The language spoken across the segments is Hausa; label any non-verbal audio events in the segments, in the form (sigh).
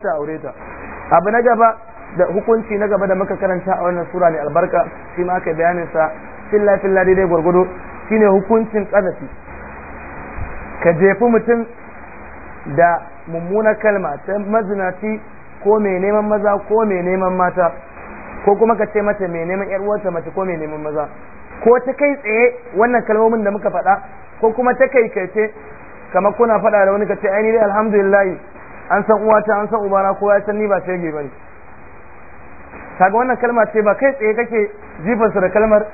ta aure ta abu na gaba da hukunci na gaba da muka karanta a wannan sura ne albarka shi ma aka bayanin sa filla filla daidai gwargwado shine hukuncin kadafi ka jefi mutum da mummunar kalma ta mazinaci ko mai neman maza ko mai neman mata ko kuma ka ce mata mai neman yar uwarta mace ko mai neman maza ko ta kai tsaye wannan kalmomin da muka faɗa ko kuma ta kai kai kamar kuna faɗa da wani ka ce ai ni dai alhamdulillah an san uwata an san ubana kowa ya san ni ba shege bane kaga wannan kalma ce ba kai tsaye kake jifarsa da kalmar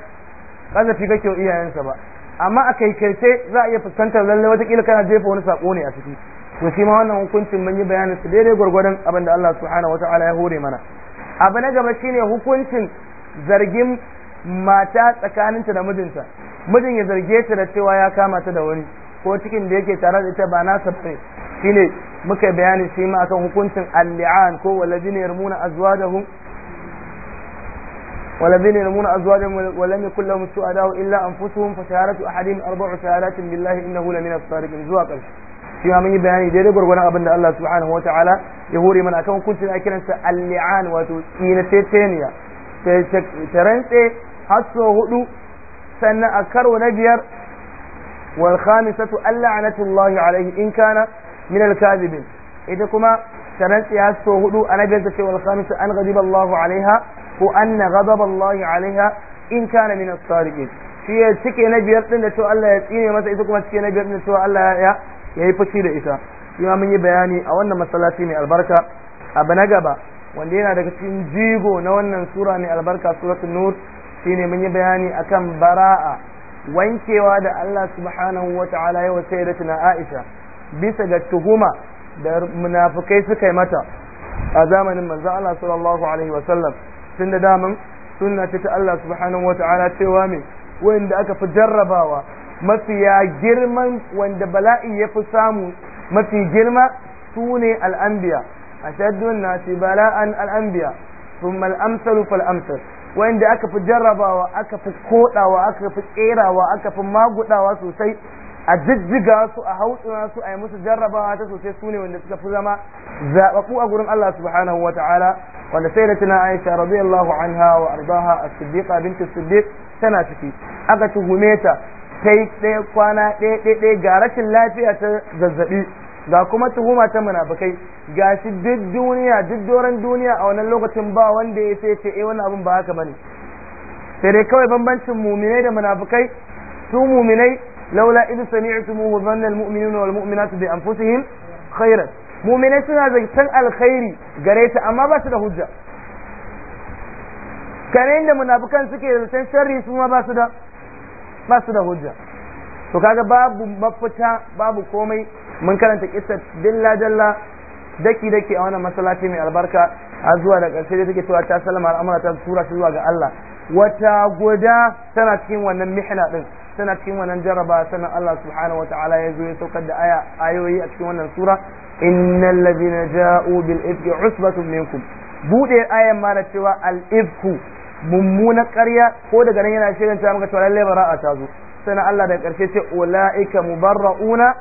kazafi kake iyayensa ba amma a kaikaice za a iya fuskantar lallai watakila kana jefa wani sako ne a ciki to shi ma wannan hukuncin mun yi bayanin su daidai gwargwadon abin da Allah subhanahu wataala ya hore mana abu na gaba shine hukuncin zargin mata tsakaninta da mijinta mijin ya zarge ta da cewa ya kama ta da wani ko cikin da yake tare da ita ba nasa bane shine muka bayani shi ma akan hukuncin al-li'an ko walladhina yarmuna azwajahum والذين يرمون أزواجهم ولم يكن لهم الشهداء إلا أنفسهم فشهادة أحدهم أربع شهادات بالله إنه لمن الصادقين zuwa ƙarshe shi ma mun yi bayani daidai gwargwaron abin da Allah subhanahu wa ta'ala ya hore mana akan hukuncin ake kiransa al-li'an wato tsinateteniya ta rantse har so hudu sannan a karo na biyar wal khamisatu alla'anatullahi alaihi in kana min al-kadhibin ita kuma tarantsiya so hudu annabi ta ce wal khamis an ghadiba Allahu alaiha ko anna ghadaba Allahu alaiha in kana min as-sadiqin shi ya cike na biyar din da to Allah ya tsine masa isa kuma cike na biyar din da to Allah ya yayi fushi da ita shi ma bayani a wannan masallaci mai albarka abu na gaba wanda yana daga cikin jigo na wannan sura mai albarka suratul nur shine mun bayani akan bara'a wankewa da Allah subhanahu wata'ala ya wa sayyidatina Aisha bisa ga tuhuma da munafukai suka yi mata a zamanin manzon Allah sallallahu alaihi wa sallam tun da daman sunna ce ta Allah subhanahu wa ta'ala cewa me wanda aka fi jarrabawa mafiya girman wanda bala'i ya fi samu mafi girma su ne al'ambiya a shaddun nasi bala'an al'ambiya sun mal'amsalu fal'amsal wanda aka fi jarrabawa aka fi kodawa aka fi kerawa aka fi magudawa sosai a jijjiga su a hautsina su a yi musu jarrabawa ta sosai su ne wanda suka fi zama zaɓaɓɓu a gurin Allah subhanahu wa ta'ala wanda sai da tuna Aisha radiyallahu anha wa ardaha a siddiqa binti siddiq tana ciki aka tuhume ta kai ɗaya kwana ɗaya ɗaya ga rashin lafiya ta zazzabi ga kuma tuhuma ta munafukai ga shi duk duniya duk doron duniya a wannan lokacin ba wanda ya sai ce eh wannan abin ba haka bane sai dai kawai bambancin muminai da munafukai su muminai laula idh sami'tumuhu dhanna almu'minuna wal mu'minatu bi anfusihim khairan mu'minai suna zancen alkhairi gare ta amma ba su da hujja kare da munafikan suke zancen sharri su ma ba su da ba su da hujja to kaga babu mafita babu komai mun karanta kissa dilla dalla daki daki a wannan masallaci mai albarka A zuwa da ƙarshe da take cewa ta salama al'amura ta tura shi zuwa ga Allah wata guda tana cikin wannan mihna din tana cikin wannan jaraba sannan Allah subhanahu wataala ya zo ya saukar da aya ayoyi a cikin wannan sura innal ladina ja'u bil ifki usbatun minkum bude ayan ma da cewa al ifku mummuna ƙarya ko daga nan yana shirin ta maka cewa lallai bara'a ta zo sannan Allah da karshe ce ulaika mubarrauna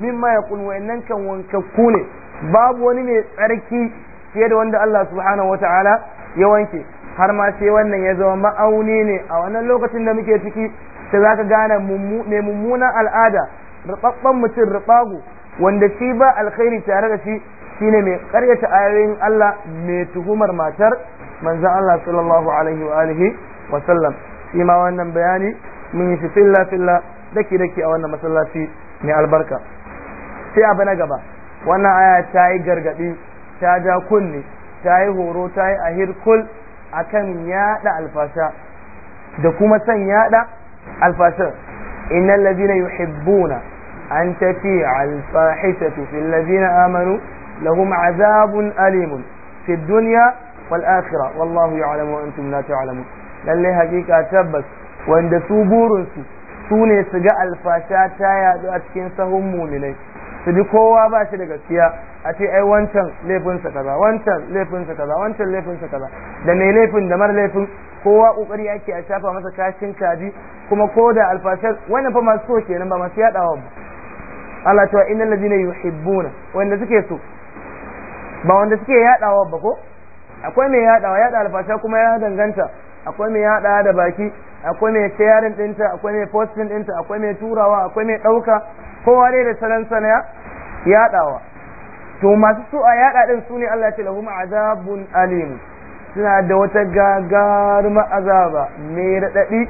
mimma yaqulu wa innan kan wankakku kune. babu wani mai tsarki fiye da wanda Allah subhanahu wataala ya wanke har ma sai wannan ya zama ma'auni ne a wannan lokacin da muke ciki ta za ka gane mai mummunan al'ada rubabban mutum rubago wanda shi ba alkhairi tare da shi shine mai karyata ayoyin Allah mai tuhumar matar manzon Allah sallallahu alaihi wa alihi wa sallam shi ma wannan bayani mun yi shi filla filla daki daki a wannan masallaci mai albarka sai abu na gaba wannan aya ta yi gargadi ta ja kunni ta yi horo ta yi a akan yada alfasha da kuma san yada alfashin innal ladina yuhibbuna an tafi'a alfahishatu fil ladina amanu lahum azabun alimun fi dunya wal akhirah wallahu ya'lamu wa antum la ta'lamun lalle hakika tabbas wanda su burin su su ne su ga alfasha ta yadu a cikin sahun muminai su ji kowa bashi shi da gaskiya a ce ai wancan laifinsa kaza wancan wancan da mara kowa kokari ake a shafa masa kashin kaji kuma ko da alfashar wannan fa masu so kenan ba masu yadawa ba Allah ta yi ladina yuhibbuna wanda suke so ba wanda suke yadawa ba ko akwai mai yadawa yada alfasha kuma ya danganta akwai mai yaɗa da baki akwai mai sharing dinta akwai mai posting dinta akwai mai turawa akwai mai dauka kowa dai da salon sana yadawa to masu so a yada din sune Allah ya ce lahum azabun alim suna da wata gagarumar azaba mai raɗaɗi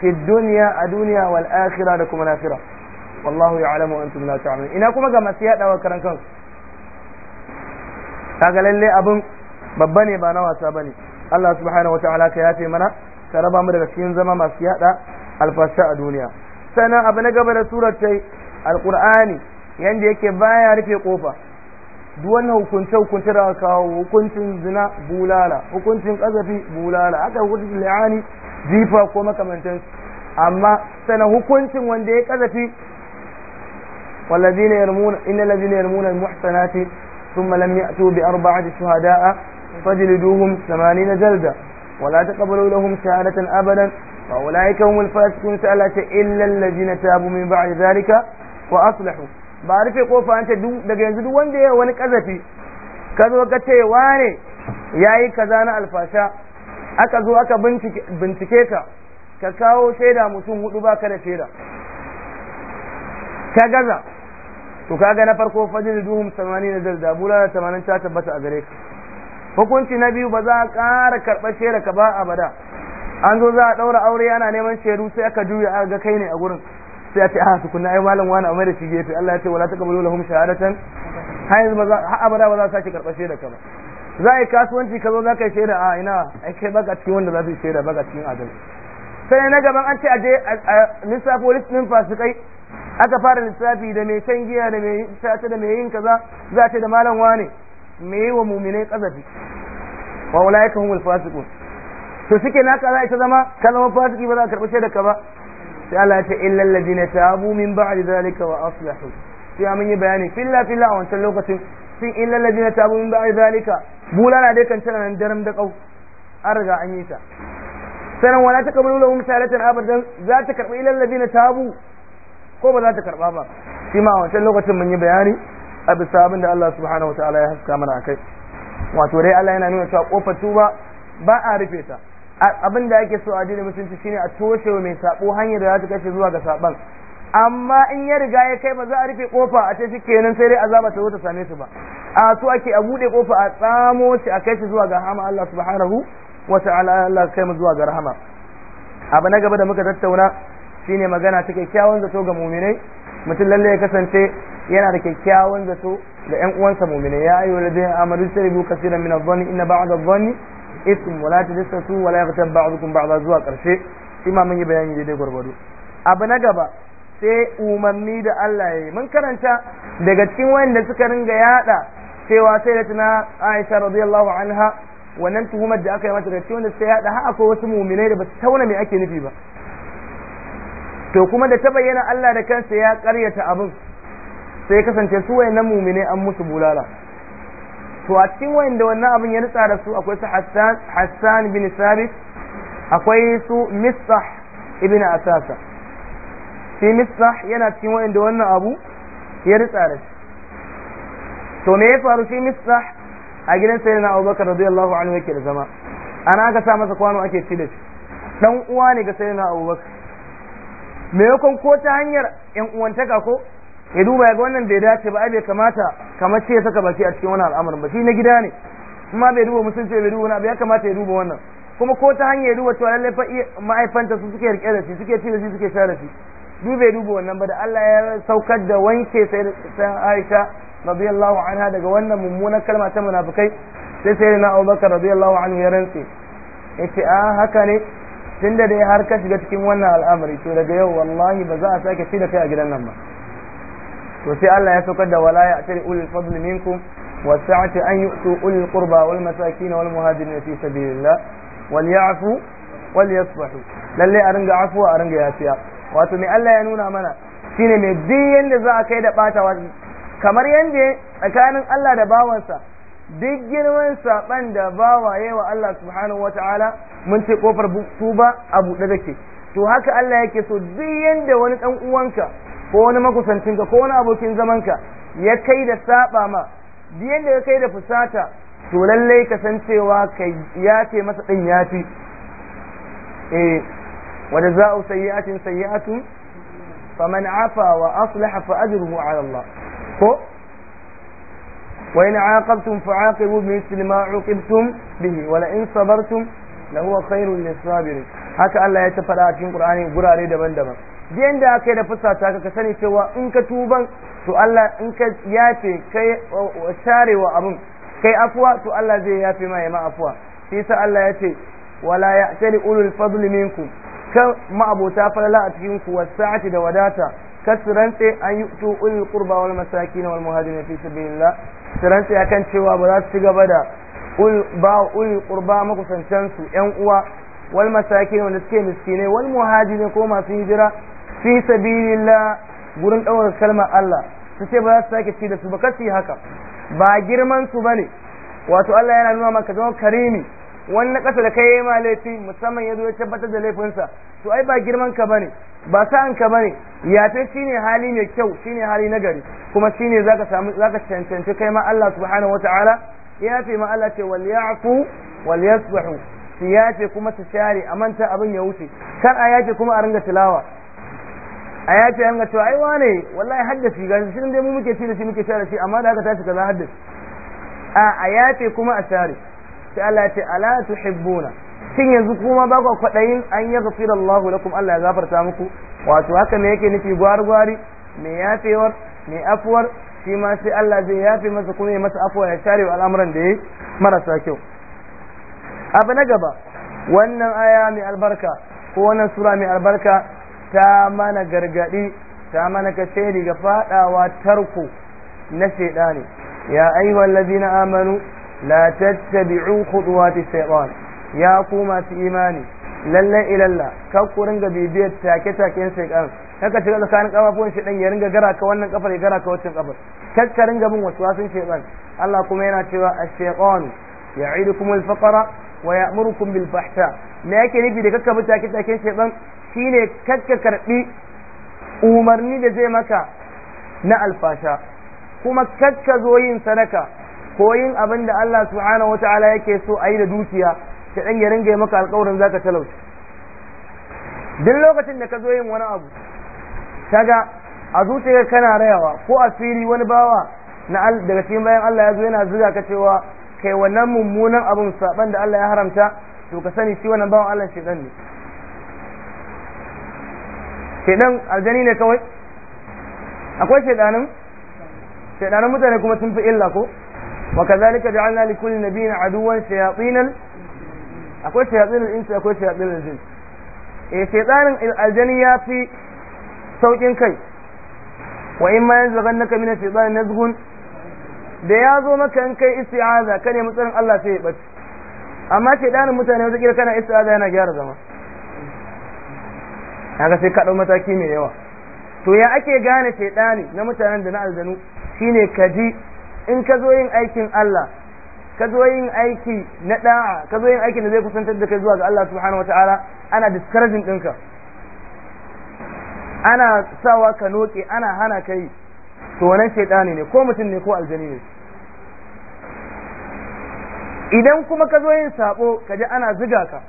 fi duniya a duniya wal akhirah da kuma lafira wallahu ya'lamu wa antum la ta'lamun ina kuma ga masu wa karan kan kaga lalle abin babba ne ba na wasa bane Allah subhanahu wataala ka yafe mana ka raba mu daga cikin zama masu yaɗa alfasha a duniya sannan abu na gaba da suratai ta alqur'ani yanda yake baya rufe kofa duwan hukunce hukunce da aka hau hukuncin zina bulala hukuncin ƙazafi bulala aka hukuncin li'ani jifa ko makamantan amma sana hukuncin wanda ya ƙazafi wallazina yarmuna inna allazina yarmuna almuhsanati thumma lam ya'tu bi a shuhada'a fajliduhum 80 jalda wala taqbalu shahadatan abadan fa ulaika humul fasiqun sa'alati illa allazina tabu min ba'di dhalika wa aslihu ba a rufe kofa ce daga yanzu duk wanda ya wani kazafi ka zo ka ce wane yayi kaza na alfasha aka zo aka bincike ka ka kawo shaida mutum hudu baka da shaida ta gaza to kaga na farko duhun samani na zarda bulala samanin ta tabbata a gare ka hukunci na biyu ba za a ƙara karɓar shaida ka ba abada an zo za a ɗaura aure ana neman shaidu sai aka juya aka ga kai ne a gurin sai a ce a ah, tukunna ai malam wani amma da shige gefe Allah ya ce wala ta kabulu lahum shahadatan har yanzu ba za har abada ba za su sake karɓar shaida ka ba za a yi kasuwanci ka zo za ka yi shaida a ah, ina ai kai baka cikin wanda za su yi shaida baka cikin adal sai na gaban an ce a je a lissafo listin kai aka fara lissafi da mai shan giya da mai tace da mai yin kaza za a ce da malam wani me yi wa muminai kazafi wa ulaika humul fasiqun to shike na ka za ita zama ka zama fasiki ba za ka karɓi shaida ka ba sai Allah ya ce illal ladina tabu min ba'di zalika wa aslahu sai mun yi bayani filla filla a wancan lokacin sun illal ladina tabu min ba'di zalika bulala dai kan tana nan daram da kau an riga an yi ta sanan wala takabalu lahum salatan abadan za ta karba illal ladina tabu ko ba za ta karba ba shi ma a wancan lokacin mun yi bayani a bisa abin da Allah subhanahu wa ta'ala ya haska mana akai wato dai Allah yana nuna cewa kofar tuba ba a rufe ta abin da ake so a dina musulunci shine a toshe wa mai sabo hanyar da za ta kashe zuwa ga saban amma in ya riga ya kai ba za a rufe kofa a ce shikenan sai dai azaba ta zo ta same su ba a so ake a bude kofa a tsamo shi a kai shi zuwa ga rahama Allah subhanahu wa ta'ala Allah kai mu zuwa ga rahama abu na gaba da muka tattauna shine magana ta kyakkyawan zato ga mu'minai mutum lalle ya kasance yana da kyakkyawan zato ga ƴan uwansa mu'minai ya ayyuhal ladina amanu tajribu kaseeran min adh-dhanni inna ba'da adh-dhanni Ism wala tajassasu wala yaghtab ba'dukum ba'dha zuwa karshe shi mun yi bayani daidai gwargwado abu na gaba sai umarni da Allah ya yi mun karanta daga cikin wayanda suka ringa yada cewa sai da tana Aisha radiyallahu anha wannan tuhumar da aka yi mata daga cikin wanda suka yada har akwai wasu mu'minai da ba su tauna me ake nufi ba to kuma da ta bayyana Allah da kansa ya karyata abin sai kasance su wayannan mu'minai an musu bulala to a cikin wayanda wannan abin ya nutsa da su akwai su Hassan Hassan bin Sabit akwai su Mistah ibn Asasa shi Mistah yana cikin wayanda wannan abu ya nutsa da shi to me ya faru shi Mistah a gidan na Abubakar radiyallahu anhu yake da zama ana aka sa masa kwano ake ci da shi dan uwa ne ga na Abubakar maimakon ko ta hanyar yan uwantaka ko ya duba ya ga wannan bai dace ba ai bai kamata kamar ce saka baki a cikin wannan al'amarin ba shi na gida ne kuma bai duba musulunci bai duba wani abu ya kamata ya duba wannan kuma ko ta hanyar duba cewa lallai fa ma'aifanta su suke rike da shi suke ci da shi suke share da shi bai duba wannan ba da Allah ya saukar da wanke sai Aisha radiyallahu anha daga wannan mummunan kalma ta munafikai sai sai na Bakar radiyallahu anhu ya rantse yace a ah, haka ne tunda dai har ka shiga cikin wannan al'amari to daga yau wallahi ba za a sake ci da kai a gidan nan ba to sai Allah ya saukar da wala ya atari ulul fadl minkum wa sa'ati an yu'tu ulul qurba wal masakin wal muhajirin fi sabilillah wal ya'fu wal yasfahu lalle a ringa Afu a ringa yafiya wato me Allah ya nuna mana shine me duk yanda za a kai da wani. kamar yanda tsakanin Allah da bawansa duk girman saban da bawa yawa Allah subhanahu wataala mun ce kofar tuba a buɗe take to haka Allah yake so duk yanda wani dan uwanka ko wani makusancinka ko wani abokin zamanka ya kai da saba ma biyan da ya kai da fusata to lallai kai ya ce masa ya yafi eh wadda za'u sayyi'atin sayyi'atun faman afa wa aslaha fa ajruhu ala Allah ko wa in aaqabtum fa aaqibu bi misli ma uqibtum bihi wa la in sabartum khairun lis-sabirin haka Allah ya ta faɗa a cikin Qur'ani gurare daban-daban biyan da aka yi da fusata ka sani cewa in ka tuban to Allah in ka yafe kai wa abin kai afuwa to Allah zai yafe ma ya ma afuwa shi yasa Allah ya ce wala ya'tali ulul fadl minkum kan ma'abota falala a cikin ku wasati da wadata kasirance an yi to ulul qurba wal masakin wal muhajirin fi sabilillah sirance akan cewa ba za su ci gaba da ba ul qurba makusantan su yan uwa wal masakin wanda suke miskinai wal muhajirin ko masu hijira fi sabilillah gurin ɗaura kalmar Allah su ce ba za su sake ci da su ba kasi haka ba girman su bane wato Allah yana nuna maka zama karimi wani kasa da kai ma laifi musamman ya zo ya tabbatar da laifinsa to ai ba girman ka bane ba sa'an ka bane ta shine hali mai kyau shine hali gari kuma shine zaka samu zaka cancanci kai ma Allah subhanahu wataala ya ce ma Allah ce wal ya'fu wal yasbahu Ya ce kuma su share a manta abin ya wuce kar a kuma a ringa tilawa a ya ce yanga cewa ai wane wallahi haddasi ga shi dai mu muke ci da shi muke share shi amma da aka tashi kaza haddasi a a kuma a share sai Allah ce ala tuhibbuna shin yanzu kuma ba ku kwadayin an ya gafira Allah lakum Allah ya gafarta muku wato haka ne yake nufi gwargwari me yafewar me afuwar shi ma sai Allah zai yafe masa kuma ya masa afuwa ya share al'amuran da ya marasa kyau abu na gaba wannan aya mai albarka ko wannan sura mai albarka ta mana gargadi ta mana kace daga fadawa tarko na shedani ya ayyuhal na amanu la tattabi'u khutuwati shaytan ya ku masu imani Lallai ilalla kar ku ringa bibiyar take taken shaytan kaka shiga tsakanin kafafuwan shaytan ya ringa gara ka wannan kafar ya gara ka wancan kafar kar ringa bin waswasin shaytan Allah kuma yana cewa ash-shaytan ya'idukum kuma faqra wa ya'murukum bil fahsha me yake nufi da kakka bi take taken shaytan shine kakka karɓi umarni da zai maka na alfasha kuma kakka zo yin sadaka ko yin abin da Allah subhanahu wataala yake so a yi da dukiya ta dan ya ringa maka alƙawarin zaka talauci duk lokacin da ka zo yin wani abu kaga a zuciyar kana rayawa ko a fili wani bawa na daga cikin bayan Allah ya zo yana zuga ka cewa kai wannan mummunan abun saban da Allah ya haramta to ka sani shi wannan bawan Allah shedan ne shedan aljani ne kawai akwai shedanin shedanin mutane kuma sun fi illa ko wa kazalika ja'alna li kulli nabiyyin aduwan shayatinal akwai shayatinal insi akwai shayatinal jin eh shedanin aljani ya fi saukin kai wa in ma yanzaghannaka min ash-shaytani nazghun da ya zo maka in kai isti'aza ka nemi tsarin Allah sai ya bace amma shedanin mutane wata kira kana isti'aza yana gyara zama kaga sai ka dau mataki mai yawa to ya ake gane shaidani na mutanen da na aljanu shine kaji in ka zo yin aikin Allah ka zo yin aiki na da'a ka zo yin aikin da zai kusantar da kai zuwa ga Allah subhanahu wataala ana discouraging ɗinka ana sawa ka noke ana hana kai to wannan shaidani ne ko mutum ne ko aljani ne idan kuma ka zo yin sabo ka ji ana ziga ka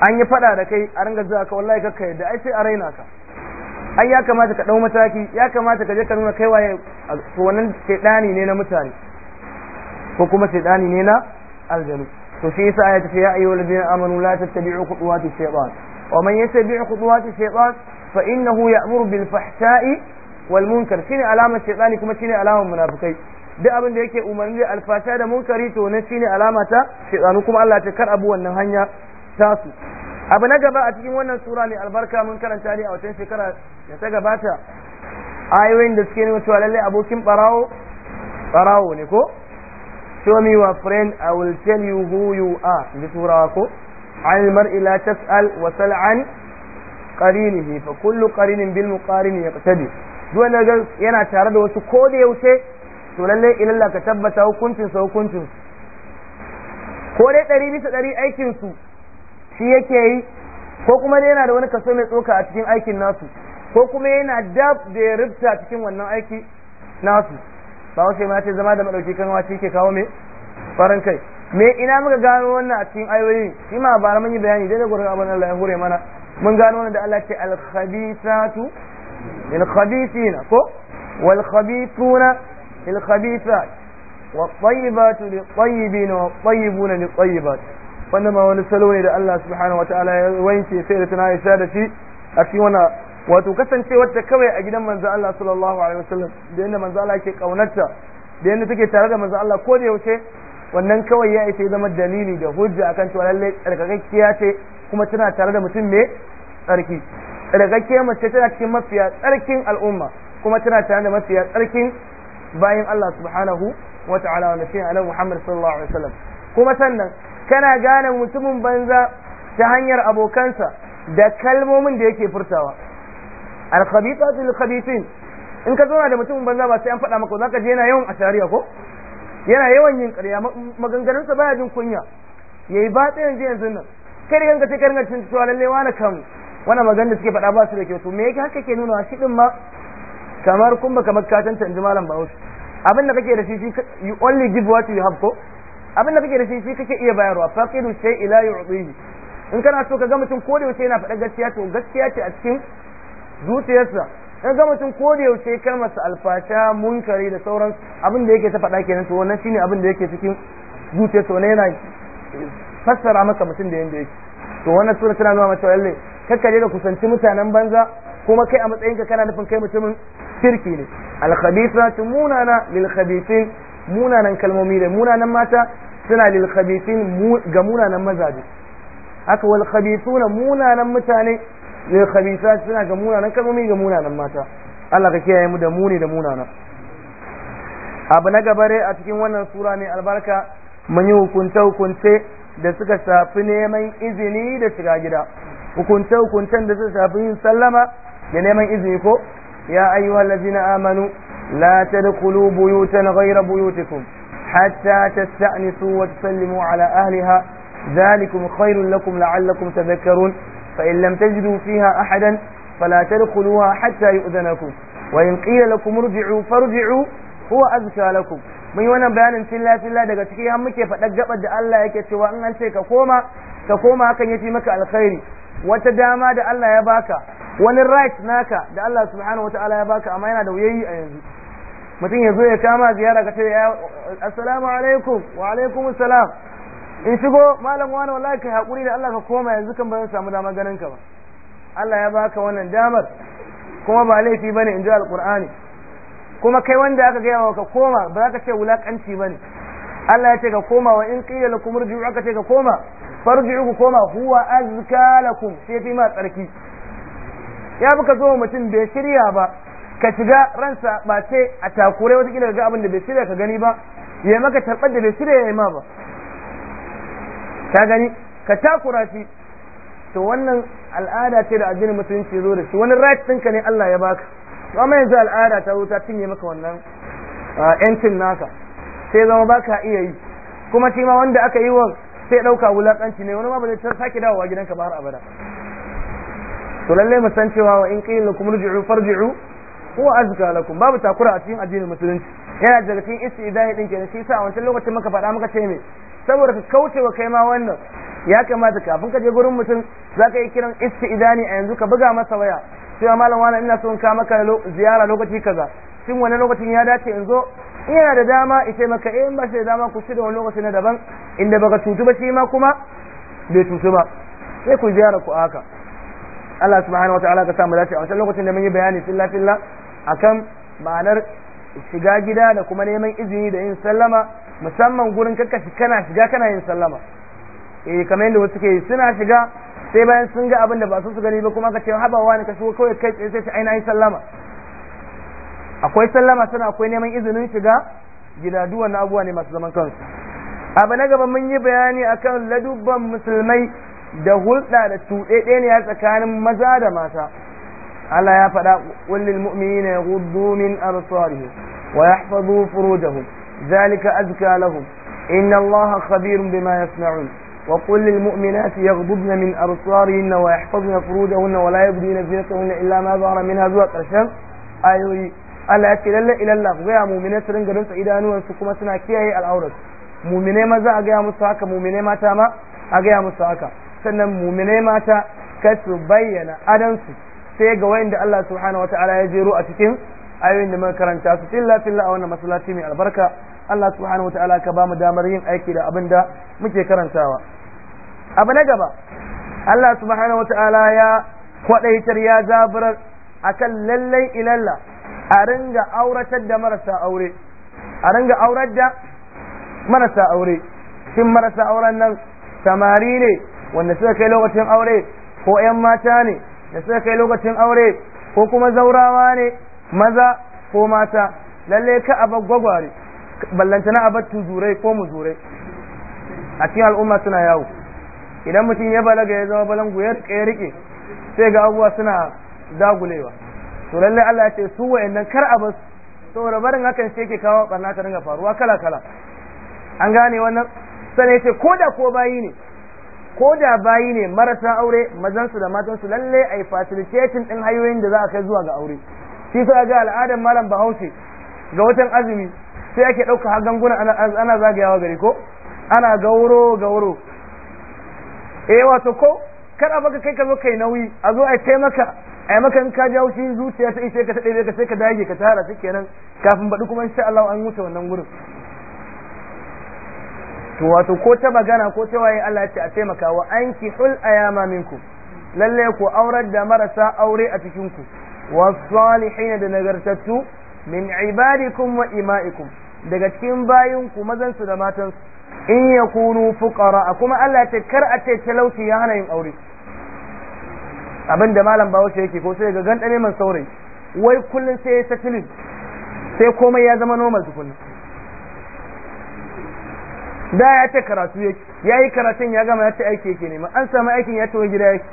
an yi fada da kai a ringa zuwa ka wallahi kakka yadda ai sai a raina ka ai ya kamata ka dau mataki ya kamata ka je ka nuna kai waye to wannan shedani ne na mutane ko kuma shedani ne na aljanu to shi yasa ayatu ce ya ayyuhal ladina amanu la tattabi'u khutuwati shaytan wa man yattabi'u khutuwati shaytan fa innahu ya'muru bil fahsha'i wal munkar shine alamar shaytani kuma shine alamar munafikai duk abin da yake umarni da alfasha da munkari to ne shine alama ta shaytanu kuma Allah ta kar abu wannan hanya tasu abu na gaba a cikin wannan sura mai albarka mun karanta ne a watan shekara da ta gabata ayoyin da suke nuna cewa lallai abokin barawo barawo ne ko show me your friend i will tell you who you are in turawa ko an mar ila tas'al wa sal an qarinihi fa kullu qarinin bil muqarin yaqtadi duk ga yana tare da wasu ko da yaushe to lallai ilalla ka tabbata hukuncin sa hukuncin ko dai dari bisa dari aikin su shi yake yi ko kuma dai yana da wani kaso mai tsoka a cikin aikin nasu ko kuma yana dab da ya rubuta cikin wannan aiki nasu ba wasu ma ce zama da madauki kan wace yake kawo me farin kai me ina muka gano wannan a cikin ayoyin shi ma bara mun yi bayani dai da gurin abin Allah ya hure mana mun gano wannan da Allah ce al khabithatu lil khabithina ko wal khabithuna lil khabithat wa tayyibatu lit tayyibina wa tayyibuna lit tayyibat wannan ma wani salo ne da Allah subhanahu wataala ya wanke sai da tana Aisha da shi a cikin wannan wato kasancewar ta kawai a gidan manzo Allah sallallahu alaihi wasallam da yanda manzo Allah yake kaunarta da yanda take tare da manzo Allah ko da yaushe wannan kawai ya isa zama dalili da hujja akan cewa lalle tsarkakakkiya ce kuma tana tare da mutum mai tsarki tsarkakkiya mace tana cikin mafiya tsarkin al'umma kuma tana tare da mafiya tsarkin bayan Allah subhanahu wa ta'ala wa nabiyyi Muhammad sallallahu alaihi wasallam kuma sannan kana gane mutumin banza ta hanyar abokansa da kalmomin da yake furtawa alkhabita khabithatu khabithin in ka zauna da mutumin banza ba sai an faɗa maka zaka je yana yawan ashariya ko yana yawan yin ƙarya maganganunsa baya jin kunya yayi ba ta yanzu yanzu nan kai da kanka sai ka ringa cin cewa lalle wani kam wani magan da suke faɗa ba su da kyau to me yake haka ke nuna shi din ma kamar kun baka in ji malam Bahaushe abin da kake da shi you only give what you have ko abin da kake da shi shi kake iya bayarwa faqidu shay ila yu'tihi in kana so ka ga mutum ko da yace yana faɗa gaskiya to gaskiya ce a cikin zuciyarsa in ga mutum ko da yaushe masa alfasha munkari da sauran abin da yake ta faɗa kenan to wannan shine abin da yake cikin zuciyarsa wannan yana fassara maka mutum da yanda yake to wannan sura tana nuna mata lalle kakkare da kusanci mutanen banza kuma kai a matsayinka kana nufin kai mutumin kirki ne al-khabithatu munana lil khabithin munanan kalmomi da munanan mata suna lil khabithin ga munanan mazaje haka wal khabithuna munanan mutane lil khabithat suna ga munanan kalmomi ga munanan mata Allah ka kiyaye mu da muni da munana abu na gabare a cikin wannan sura ne albarka mun yi hukunta hukunce da suka shafi neman izini da shiga gida hukunta hukuncen da suka safi yin sallama da neman izini ko ya ayyuhallazina amanu لا تدخلوا بيوتا غير بيوتكم حتى تستأنسوا وتسلموا على أهلها ذلكم خير لكم لعلكم تذكرون فإن لم تجدوا فيها أحدا فلا تدخلوها حتى يؤذنكم وإن قيل لكم ارجعوا فارجعوا هو أذكى لكم mun yi wannan bayanin filla filla daga ciki har muke faɗa gabar da Allah yake cewa in an ce ka koma ka koma hakan yafi maka alkhairi wata dama da Allah ya baka wani right naka da Allah subhanahu wataala ya baka amma yana da wuyayi a yanzu mutum ya zo ya kama ziyara ka ce assalamu alaikum wa alaikum assalam in shigo malam wani wallahi kai hakuri da Allah ka koma yanzu kan ba zan samu dama ganin ka ba Allah ya baka wannan damar kuma ba laifi bane in ji alqur'ani kuma kai wanda aka gaya ka koma ba za ka ce wulakanci bane Allah ya ce ka koma wa in qila kuma irji'u aka ce ka koma farji ku koma huwa azka lakum sai fi ma tsarki ya baka zo mutum bai shirya ba ka shiga ransa ba ce a takure wata kila ga abin da bai shirya ka gani ba ya maka tarbar da bai shirya ya ma ba ka gani ka takura shi to wannan al'ada ce da addinin musulunci zo da shi wani right ɗinka ne Allah ya baka amma yanzu al'ada ta zo ta cinye maka wannan ah, 'yancin naka sai zama ba ka iya yi kuma shi ma wanda aka yi wa sai ɗauka wulaƙanci ne wani ma ba zai sake dawowa gidanka ba har abada to lallai mu san cewa wa in qila lakum ruj'u farji'u huwa azka lakum babu takura a cikin addinin musulunci yana daga cikin istidahi din kenan shi yasa a wancan lokacin muka faɗa muka ce me saboda ka kauce wa kai ma wannan ya kamata kafin ka je gurin mutum zaka yi kiran istidani a yanzu ka buga masa waya cewa malam wani ina son ka maka ziyara lokaci kaza shin wani lokacin ya dace in zo yana da dama ita maka eh, in ba shi da dama ku da wani lokaci na daban inda baka cutu ba shi ma kuma bai cutu ba sai ku ziyara ku haka Allah subhanahu wataala ka samu dace a wancan lokacin da mun yi bayani filla filla akan ma'anar shiga gida da kuma neman izini da yin sallama musamman gurin kakka kana shiga kana yin sallama eh kamar yadda wasu ke suna shiga sai bayan sun ga abin da ba su su gani ba kuma ka ce haba wani ka shigo kawai kai tsaye sai ta aina yin sallama akwai sallama sana akwai neman izinin shiga gida duk wannan abubuwa ne masu zaman kansu abu na gaba mun yi bayani akan ladubban musulmai da hulɗa da ya tsakanin maza da mata Allah ya faɗa kullil mu'minina yaghuddu min absarihim wa yahfazu furujahum zalika azka lahum inna Allah khabirun bima yasna'un wa kullil mu'minati yaghdudna min absarihinna wa yahfazna furujahunna wa la yubdina zinatahunna illa ma zahara minha zuwa ƙarshen ayoyi Allah ya ce lalle ilalla gaya mumine su ringa rinsa idanuwansu kuma suna kiyaye al'aurat mumine maza a gaya musu haka mumine mata ma a gaya musu haka sannan mumine mata kasu su bayyana adansu sai ga wayanda Allah subhanahu wataala ya jero a cikin ayoyin da muka karanta su illa filla a wannan masallaci mai albarka Allah subhanahu wataala ka bamu damar yin aiki da abin da muke karantawa abu na gaba Allah subhanahu wataala ya kwadaitar ya a akan lallai ilalla a ringa auratar da marasa aure a ringa aurar da marasa aure shin marasa auren nan samari ne wanda suka kai lokacin aure ko 'yan mata ne da suka kai lokacin aure ko kuma zaurawa ne maza ko mata lalle ka a gwagware ballantana a bar tuzurai ko muzurai a cikin al'umma suna yawo idan mutum ya balaga ya zama balangu ya riƙe, sai ga abubuwa suna zagulewa. to lalle Allah ya ce su wayannan kar a bas saboda barin hakan sai yake kawo barna ta dinga faruwa kala kala an gane wannan sanai ce ko da ko bayi ne ko bayi ne marasa aure mazan su da matan su lalle a yi facilitating din hayoyin da za a kai zuwa ga aure shi sai ga al'adar malam bahaushe ga watan azumi sai ake ɗauka ganguna ana zagayawa gari ko ana gauro gauro eh wato ko kada baka kai ka zo kai nauyi a zo a taimaka ai maka in ka jawo shi zuciya ta ishe ka ta ɗaya ka sai ka dage ka tara shi kenan kafin baɗi kuma insha Allah an wuce wannan gurin to wato ko ta magana ko ta waye Allah ya ce a taimaka wa anki hul ayama minkum lalle ku aurar da marasa aure a cikin ku salihin da nagartattu min ibadikum wa ima'ikum daga cikin bayin ku mazan su da matan su in yakunu fuqara kuma Allah ya ce kar a ce talauci ya hana yin aure abin da malam bahaushe yake ko sai ga gandame man saurayi wai kullum sai ya settling sai komai ya zama normal tukunna da ya ce karatu yake ya yi karatun ya gama ya ce aiki yake nema an samu aikin ya tawo gida yake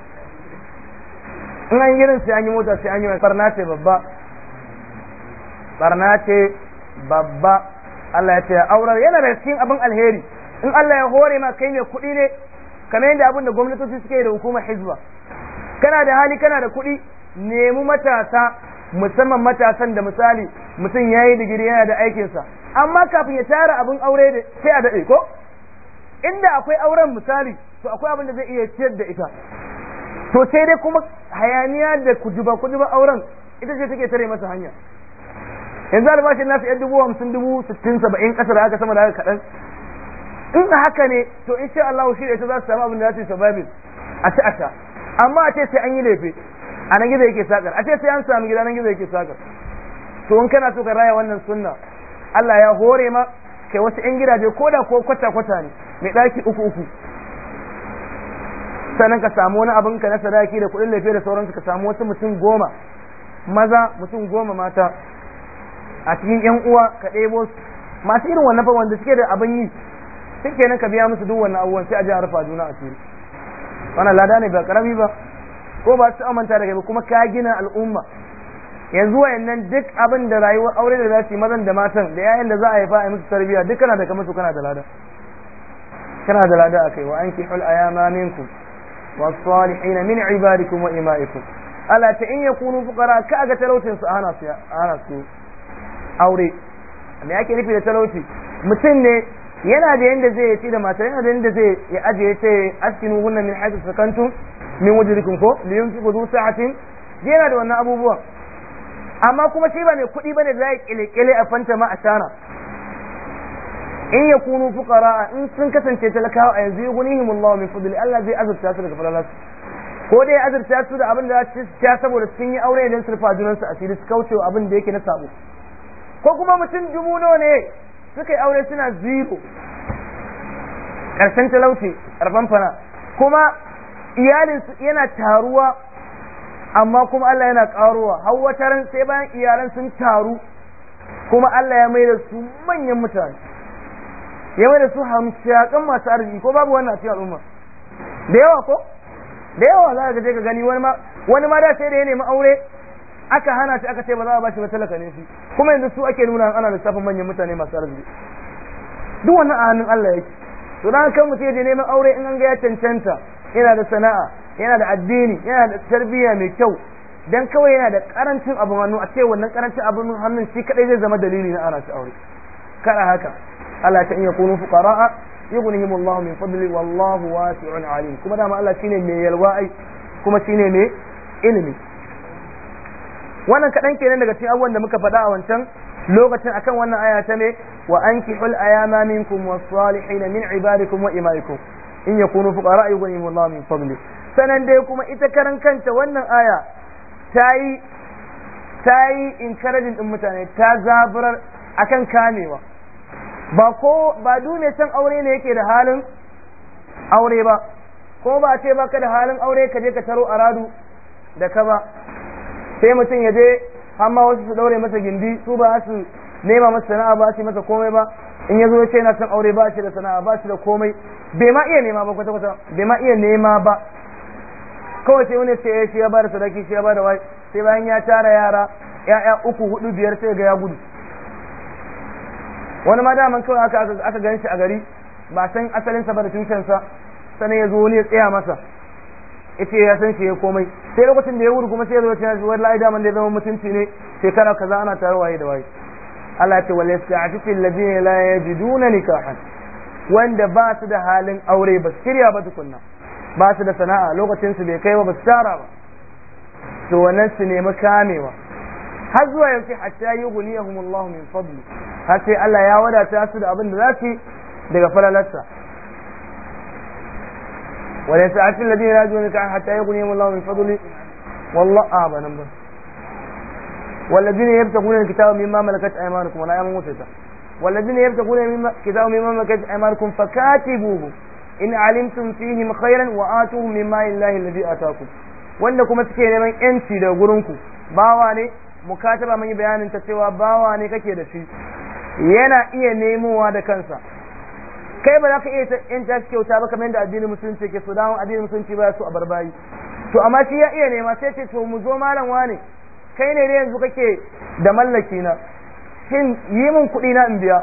in an sai an yi mota sai an yi barna ce babba barna ce babba Allah ya ce ya aurar yana da cikin abin alheri in Allah ya hore ma kai mai kuɗi ne kamar yadda abin da gwamnatoci suke da hukumar hizba kana da hali kana da kuɗi nemi matasa musamman matasan da misali mutum yayi digiri yana da aikinsa amma kafin ya tara abin aure da sai a daɗe ko inda akwai auren misali to akwai abin da zai iya ciyar da ita to sai dai kuma hayaniya da kujuba kujuba auren ita ce take tare masa hanya yanzu albashin nasu yan dubu hamsin dubu sittin saba'in ƙasa haka sama da haka kaɗan in haka ne to in sha Allah shi da ita za su samu abin da za su yi sababin a ci a amma a ce sai an yi lefe a nan gizo yake sakar a ce sai an samu gida nan gizo yake sakar to in kana so ka raya wannan sunna Allah ya hore ma kai wasu yan gidaje ko da ko kwata kwata ne mai daki uku uku sannan ka samu wani abin ka na sadaki da kuɗin lefe da sauransu ka samu wasu mutum goma maza mutum goma mata a cikin yan uwa ka ɗebo masu irin wannan fa wanda suke da abin yi shikenan ka biya musu duk wannan abubuwan sai a ji a rufa juna asiri wannan lada ne ba karami ba ko ba su amanta da kai ba kuma ka gina al'umma yanzu wayannan duk abin da rayuwar aure da za su yi mazan da matan da yayan da za a haifa a musu tarbiyya duk kana da kamar su kana da lada kana da lada akai wa anki hul ayama minkum imaikum ala ta in yakunu fuqara ka ga talautin su ana su ana su aure me ake nufi da talauci mutum ne yana da yanda zai yi da matar yana da yanda zai ya ajiye ce askinu hunna min haythu sakantum min wajdikum ko li yunfiqu dhu sa'atin yana da wannan abubuwan amma kuma shi ba mai kuɗi bane da zai kile a fanta ma shara. in ya kunu fuqara in sun kasance talakawa a yanzu Allah min fadli Allah zai azurta su daga falalarsa ko dai azurta su da abin da za su ta saboda sun yi aure idan su junansu asiri su kaucewa abin da yake na sabo ko kuma mutum dubu nawa ne suka yi aure suna zero ƙarshen talauci ƙarfan fana kuma iyalinsu yana taruwa amma kuma Allah yana ƙaruwa har wata ran sai bayan iyalan sun taru kuma Allah ya mai da su manyan mutane ya mai da su hamshakan masu arziki ko babu wannan cikin al'umma da yawa ko da yawa za ka je ka gani wani ma da sai da ya nemi aure aka hana shi aka ce ba za a bashi ba talaka ne shi kuma yanzu su ake nuna ana lissafin manyan mutane masu arziki duk wannan a hannun Allah yake to dan kan mutum je neman aure in an ga ya cancanta yana da sana'a yana da addini yana da tarbiyya mai kyau dan kawai yana da karancin abin hannu a ce wannan karancin abin hannun shi kadai zai zama dalili na ana shi aure kada haka Allah ta iya kunu fuqara'a yughnihim Allah min fadli wallahu wasi'un alim kuma dama Allah shine mai yalwa ai kuma shine mai ilimi wannan kaɗan kenan daga cikin abubuwan da muka faɗa a wancan lokacin akan wannan aya ta ne wa ankihul ayama minkum was-salihin min ibadikum wa imaikum in yakunu fuqara yughnihim Allah min fadli sanan dai kuma ita karan kanta wannan aya tayi tayi encouraging din mutane ta zaburar akan kamewa ba ko ba dune san aure ne yake da halin aure ba ko ba ce baka da halin aure ka je ka taro aradu da ka ba sai mutum ya je amma wasu su daure masa gindi su ba su nema masa sana'a ba su masa komai ba in ya zo ya ce yana son aure ba shi da sana'a ba shi da komai bai ma iya nema ba kwata kwata bai ma iya nema ba kawai sai wani sai eh, shi ya bada sadaki shi ya bada wai sai bayan ya tara yara ya'ya uku hudu biyar sai ga ya gudu wani ma daman kawai aka aka gan shi a gari ba san asalinsa ba da tushensa sannan ya zo wani ya tsaya masa yace ya san shi ya komai sai lokacin da ya wuri kuma sai ya zo ya ce wallahi da man da zama mutunci ne shekara kaza ana tare waye da waye Allah ya ce wal yasta'afifu alladhina la yajiduna nikahan wanda ba su da halin aure ba shirya ba tukunna ba su da sana'a lokacin su bai kai ba su tara ba to wannan su ne kamewa har zuwa yanzu hatta yughniyahum Allah min fadli har sai Allah ya wadata su da abin da za su daga falalarsa wani sa ati ladin ya rajo ni ka hata ya kunye mulawo min fadli wallah a ba nan ba walladin ya yabta kunye kitabu mimma malakat aymanukum wala yamun musa walladin ya yabta kunye mimma kitabu mimma malakat aymanukum fakatibuhu in alimtum fihim khayran wa atuhum mimma illahi alladhi atakum wanda kuma suke neman yanci da gurin ku bawa ne mu kataba mai bayanin ta cewa bawa ne kake da shi yana iya nemowa da kansa kai ba za ka iya yan tashi kyauta ba kamar yadda addinin musulunci ke so dawon addinin musulunci ba so a barbayi to amma shi ya iya nema sai ce to mu zo malam wane kai ne da yanzu kake da mallaki na shin yi min kuɗi na in biya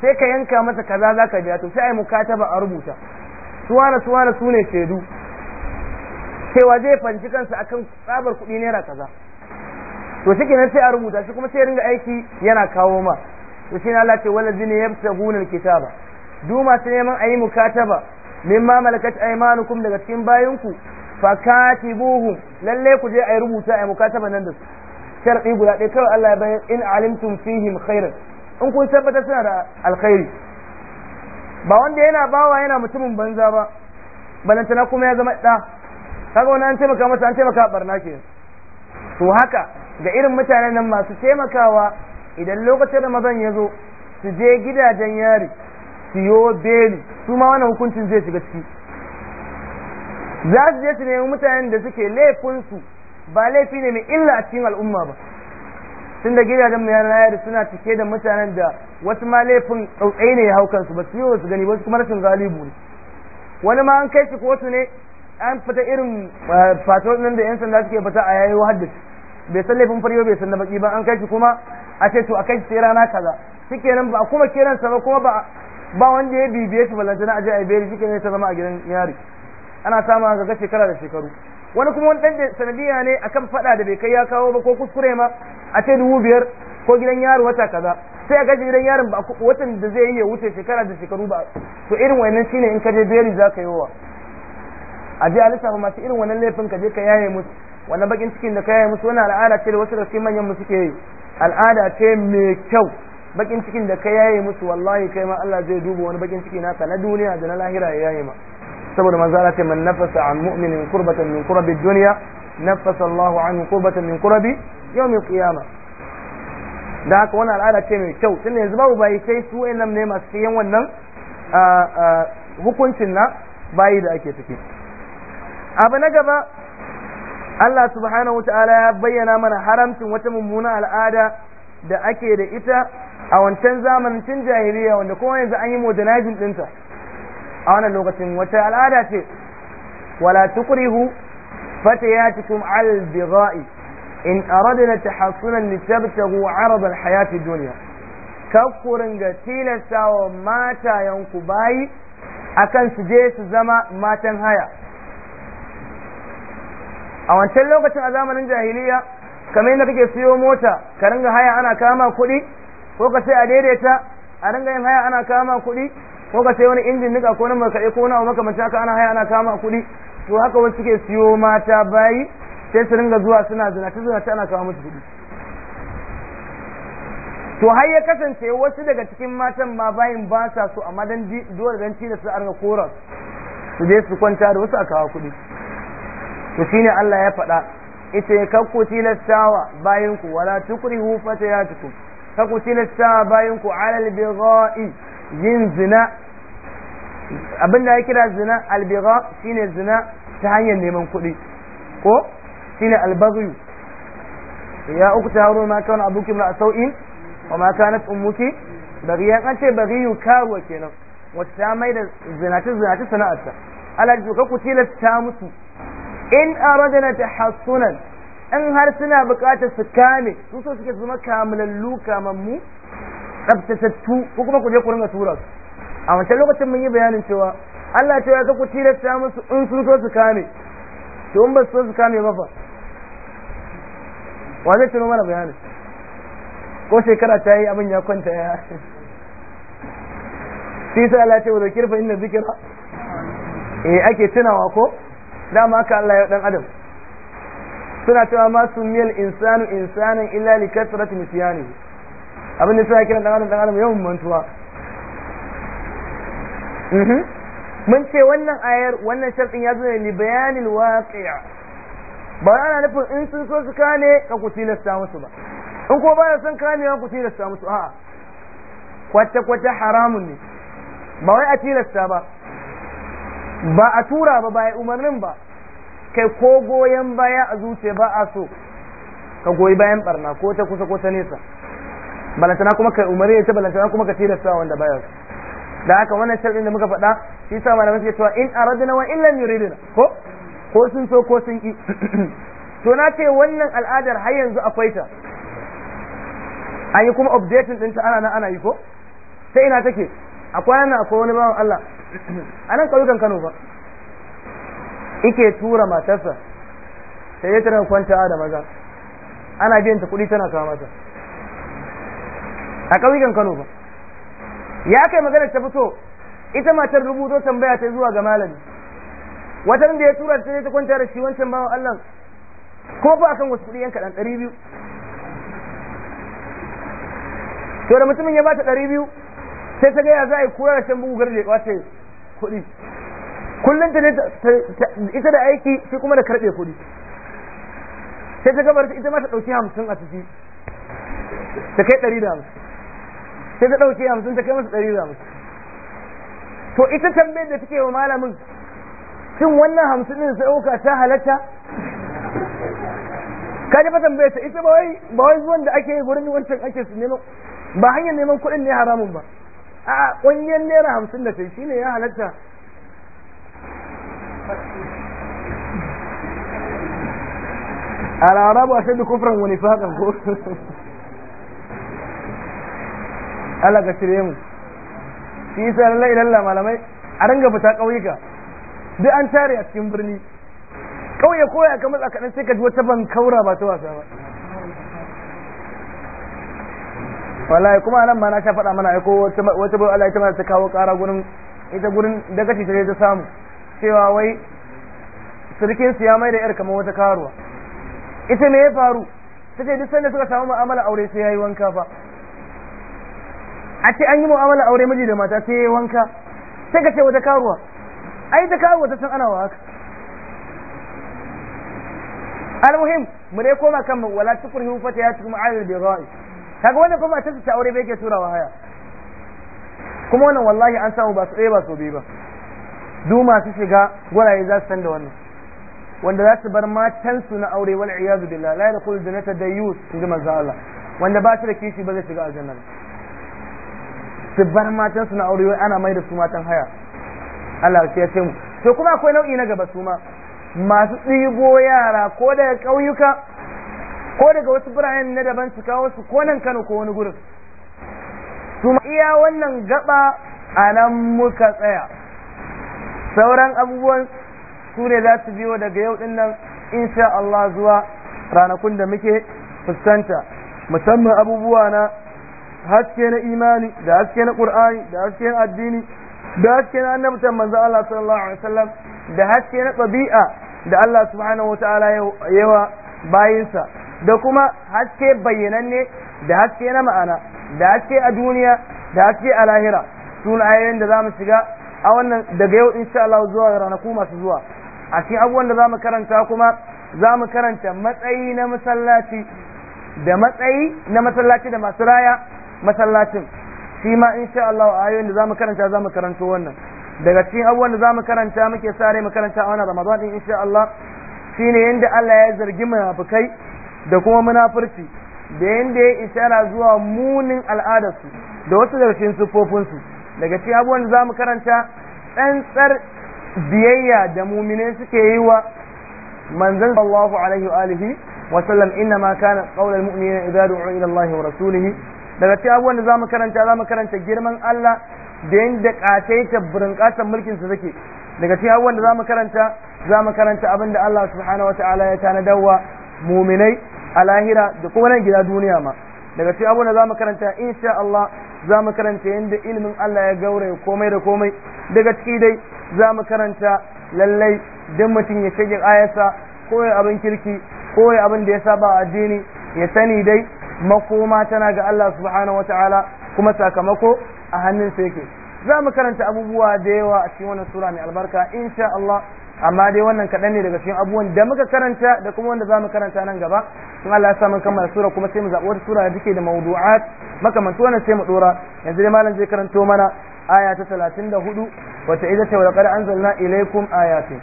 sai ka yanka masa kaza za ka biya to sai a yi mukataba a rubuta suwana suwana su ne shaidu cewa zai fanci kansa akan tsabar kuɗi naira kaza to shi kenan sai a rubuta shi kuma sai ringa aiki yana kawo ma to shi ne Allah ce wala zini yabtaguna kitaba duk masu neman a yi mukataba ma malakat aymanukum daga cikin bayinku fakatibuhum lalle ku je a rubuta a yi mukataba nan da su sharɗi guda ɗaya kawai Allah ya bayan in alimtum fihim khairan in kun tabbatar suna da alkhairi ba wanda yana bawa yana mutumin banza ba balantana kuma ya zama ɗa kaga wani an taimaka masa an taimaka barna ke to haka ga irin mutanen nan masu taimakawa idan lokacin ramadan ya zo su je gidajen yari siyo beli su ma wannan hukuncin zai shiga ciki za su je su nemi mutanen da suke laifinsu ba laifi ne mai illa a cikin al'umma ba tun da gidajen mu yana yari suna cike da mutanen da wasu ma laifin tsautsayi ne ya hau kansu ba su yi su gani wasu kuma rashin galibu ne wani ma an kai shi kotu ne an fita irin fato eh, nan da yan sanda suke fita a yayi shi. bai san laifin fari ba bai san na baki ba an kai shi kuma a ce to a kai shi sai rana kaza shikenan ba kuma kiran sa ba kuma ba ba wanda ya bibiye shi na aje a beri shikenan ta zama a gidan yari ana samun haka ga shekara da shekaru wani kuma wani dan sanadiya ne akan fada da bai kai ya kawo ba ko kuskure ma a ce dubu biyar ko gidan yaro wata kaza sai a gashi gidan yaron ba watan da zai yi ya wuce shekara da shekaru ba to irin wannan shine in ka je beri za ka yi wa a je a lissafa masu irin wannan laifin ka je ka yaye musu wannan bakin cikin da kai musu wannan al'ada ce da wasu daga cikin manyan mu ke yi al'ada ce mai kyau bakin cikin da ka yaye musu wallahi kai ma Allah zai duba wani bakin ciki naka na duniya da na lahira ya yaye ma saboda manzo Allah ce man nafasa an mu'minin kurbatan min kurabi dunya nafasa Allah anhu kurbatan min kurabi yawmil qiyama da haka wannan al'ada ce mai kyau tunda yanzu babu bai kai su wayannan ne masu cikin wannan hukuncin na bayi da ake ciki abu na gaba Allah subhanahu wata'ala ya bayyana mana haramcin wata mummuna al'ada da ake da ita a wancan zamanin cin jahiliya wanda kuma yanzu an yi modernizing ɗinta a wannan lokacin wata al'ada ce wala tukrihu fatayatikum kuma bigha'i in aradna tahassunan litabtaghu 'arad al hayat ad dunya kakkurin ga tilastawa matayanku bayi akan su je su zama matan haya a wancan lokacin a zamanin jahiliya kamar yadda kake siyo mota ka ringa haya ana kama kuɗi ko ka sai a daidaita a ringa yin haya ana kama kuɗi ko ka sai wani injin nika ko nan maka ko nawa maka mace haka ana haya ana kama kuɗi to haka wasu suke siyo mata bayi sai su ringa zuwa suna zinace zinace ana kama musu kuɗi to har ya kasance wasu daga cikin matan ma bayin ba sa so amma dan dole dan da su a ringa kora su je su kwanta da wasu a kawo kuɗi to shine Allah ya faɗa ita kakku tilastawa bayan ku wala tukrihu fatayatukum kakku tilastawa bayanku ku alal bigha'i yin zina abinda ya kira zina albigha shine zina ta hanyar neman kuɗi ko shine albaghi ya uku ta haru ma kana abuki a sau'in wa ma kanat ummuki baghiya an ce yu karuwa kenan wata ta mai da zinatu zinatu sana'arta alaji ka ku tilasta musu in aradna tahassunan in har suna bukatar su kame su so suke zama kamalallu kamammu tu, ko kuma ku je ku ringa tura su a wancan lokacin mun yi bayanin cewa Allah ya ka ku tilasta musu in sun so su kame to in ba su so su kame ba fa wa zai tuno mana bayanin ko shekara ta yi abin ya kwanta ya sai sai Allah ce wa zakir fa inna zikra eh ake tunawa ko dama haka Allah ya dan adam suna cewa ma sumiyal insanu insanan illa li kasrati nisyani abin da suna kiran dan adam dan adam yawan mantuwa mhm. mun ce wannan ayar wannan sharɗin ya zo ne li bayanil waqi'a ba ana nufin in sun so su kane ka ku tilasta musu ba in ko ba da son kanewa ku tilasta musu a'a kwata kwata haramun ne ba wai a tilasta ba ba a tura ba ba umarnin ba kai ko goyon baya a zuciya ba a so ka goyi bayan barna ko ta kusa ko ta nesa balantana kuma kai umarni ta balantana kuma ka sa wanda baya so da haka wannan sharɗin da muka faɗa shi sa malamai suke cewa in aradna wa in yuridna ko ko sun so ko sun ki (clears throat) to na ce wannan al'adar har yanzu akwai ta an yi kuma updating ɗinta ana nan ana yi ko sai ina take a kwanan akwai wani bawan Allah a nan ƙauyukan Kano ba ike tura matarsa sai ya tana kwanta da maza ana biyan ta kuɗi tana kawo mata a ƙauyukan Kano ba ya kai magana ta fito ita matar rubuto tambaya ta zuwa ga malami wata da ya tura ta ta kwanta da shi wancan bawan Allah ko ba akan wasu kuɗi yanka ɗan ɗari biyu to da mutumin ya ba ta ɗari biyu sai ta gaya za a yi da shan bugu garje wace kuɗi kullum ta ne ita da aiki shi kuma da karɓe kuɗi sai ta gabar ita ma ta ɗauki hamsin a ciki ta kai ɗari da hamsin sai ta ɗauki hamsin ta kai masa ɗari da hamsin to ita tambayar da take wa malamin shin wannan hamsin ɗin sai ɗauka ta halatta ka ji fa tambayar ta ita ba wai ba wai zuwan da ake gurin wancan ake su neman ba hanyar neman kuɗin ne haramun ba a ƙungiyar naira hamsin da sai ne ya halatta al'arabu a da kufran wani faɗan ko Allah ka cire mu shi yasa lallai lalla malamai a ringa fita ƙauyuka duk an tare a cikin birni ƙauye koya kamar tsakanin sai ka ji wata ban kaura ba ta wasa ba wallahi kuma nan ma na sha faɗa mana aiko wata bai Allah ita ma ta kawo ƙara gurin ita gurin daga ce ta samu cewa wai sirkin su ya mai da yar kamar wata karuwa ita me ya faru ta ce duk sanda suka samu mu'amala aure sai yayi wanka fa a ce an yi mu'amala aure miji da mata sai yayi wanka sai ka ce wata karuwa ai ta karuwa ta san ana wa haka almuhim mu dai koma kan wala ya fatayatukum ala al-bigha'i kaga wannan kuma matarsa ta aure ba tura turawa haya kuma wannan wallahi an samu ba su ɗaya ba su biyu ba du masu shiga gwaraye za su san da wannan wanda za su bar matansu na aure wal iyadu billah la da jannata in ji manzo Allah wanda ba su da kishi ba zai shiga aljanna su bar matansu na aure wai ana mai da su matan haya Allah ya ce mu to kuma akwai nau'i na gaba su ma masu tsibo yara ko daga ƙauyuka ko daga wasu biranen na daban su kawo su ko nan Kano ko wani gurin su iya wannan gaba a nan muka tsaya sauran abubuwan su ne za su biyo daga yau din nan insha Allah zuwa ranakun da muke fuskanta musamman abubuwa na haske na imani da haske na qur'ani da haske na addini da haske na annabtan manzo Allah sallallahu alaihi wasallam da haske na tabi'a da Allah subhanahu wataala yawa bayinsa da kuma haske bayyananne da haske na ma'ana da haske a duniya da haske a lahira sun ayoyin da za mu shiga a wannan daga yau insha Allah zuwa ranaku masu zuwa a cikin abubuwan da za mu karanta kuma za mu karanta matsayi na masallaci da matsayi na masallaci da masu raya masallacin shi ma insha Allah ayoyin da za mu karanta za mu karanta wannan daga cikin abubuwan da za mu karanta muke sare mu karanta a wannan Ramadan din insha Allah shine yanda Allah ya zargi munafikai da kuma munafurci da yadda ya isara zuwa munin al'adarsu da wasu daga cikin siffofinsu daga cikin abubuwan da za mu karanta tsantsar biyayya da mumine suke yi wa manzan sallahu alaihi wa alihi wa sallam inna ma kana qaulul mu'minina idza du'u ila Allah wa rasulihi daga cikin abubuwan da za mu karanta za mu karanta girman Allah da yadda kataita burinkatan mulkin sa take daga cikin abubuwan da za mu karanta za mu karanta da Allah subhanahu wa ta'ala ya tanadawa muminai a lahira da kuma nan gida duniya ma daga cikin abubuwan da za mu karanta insha Allah za mu karanta yadda ilimin Allah ya gauraya komai da komai daga ciki dai za mu karanta lallai don mutum ya shige ayasa ko ya abin kirki ko ya abin da ya saba addini ya sani dai makoma tana ga Allah subhanahu wataala kuma sakamako a hannun sa yake za mu karanta abubuwa da yawa a cikin wannan sura mai albarka insha Allah amma dai wannan kaɗan ne daga cikin abubuwan da muka karanta da kuma wanda za mu karanta nan gaba in Allah ya sa mun kammala sura kuma sai mu zaɓi wata sura da take da mawdu'at makamantu wannan sai mu dora yanzu dai malam zai karanto mana aya ta talatin da hudu wata ita ta walaƙar anzalna ilaikum ayatin.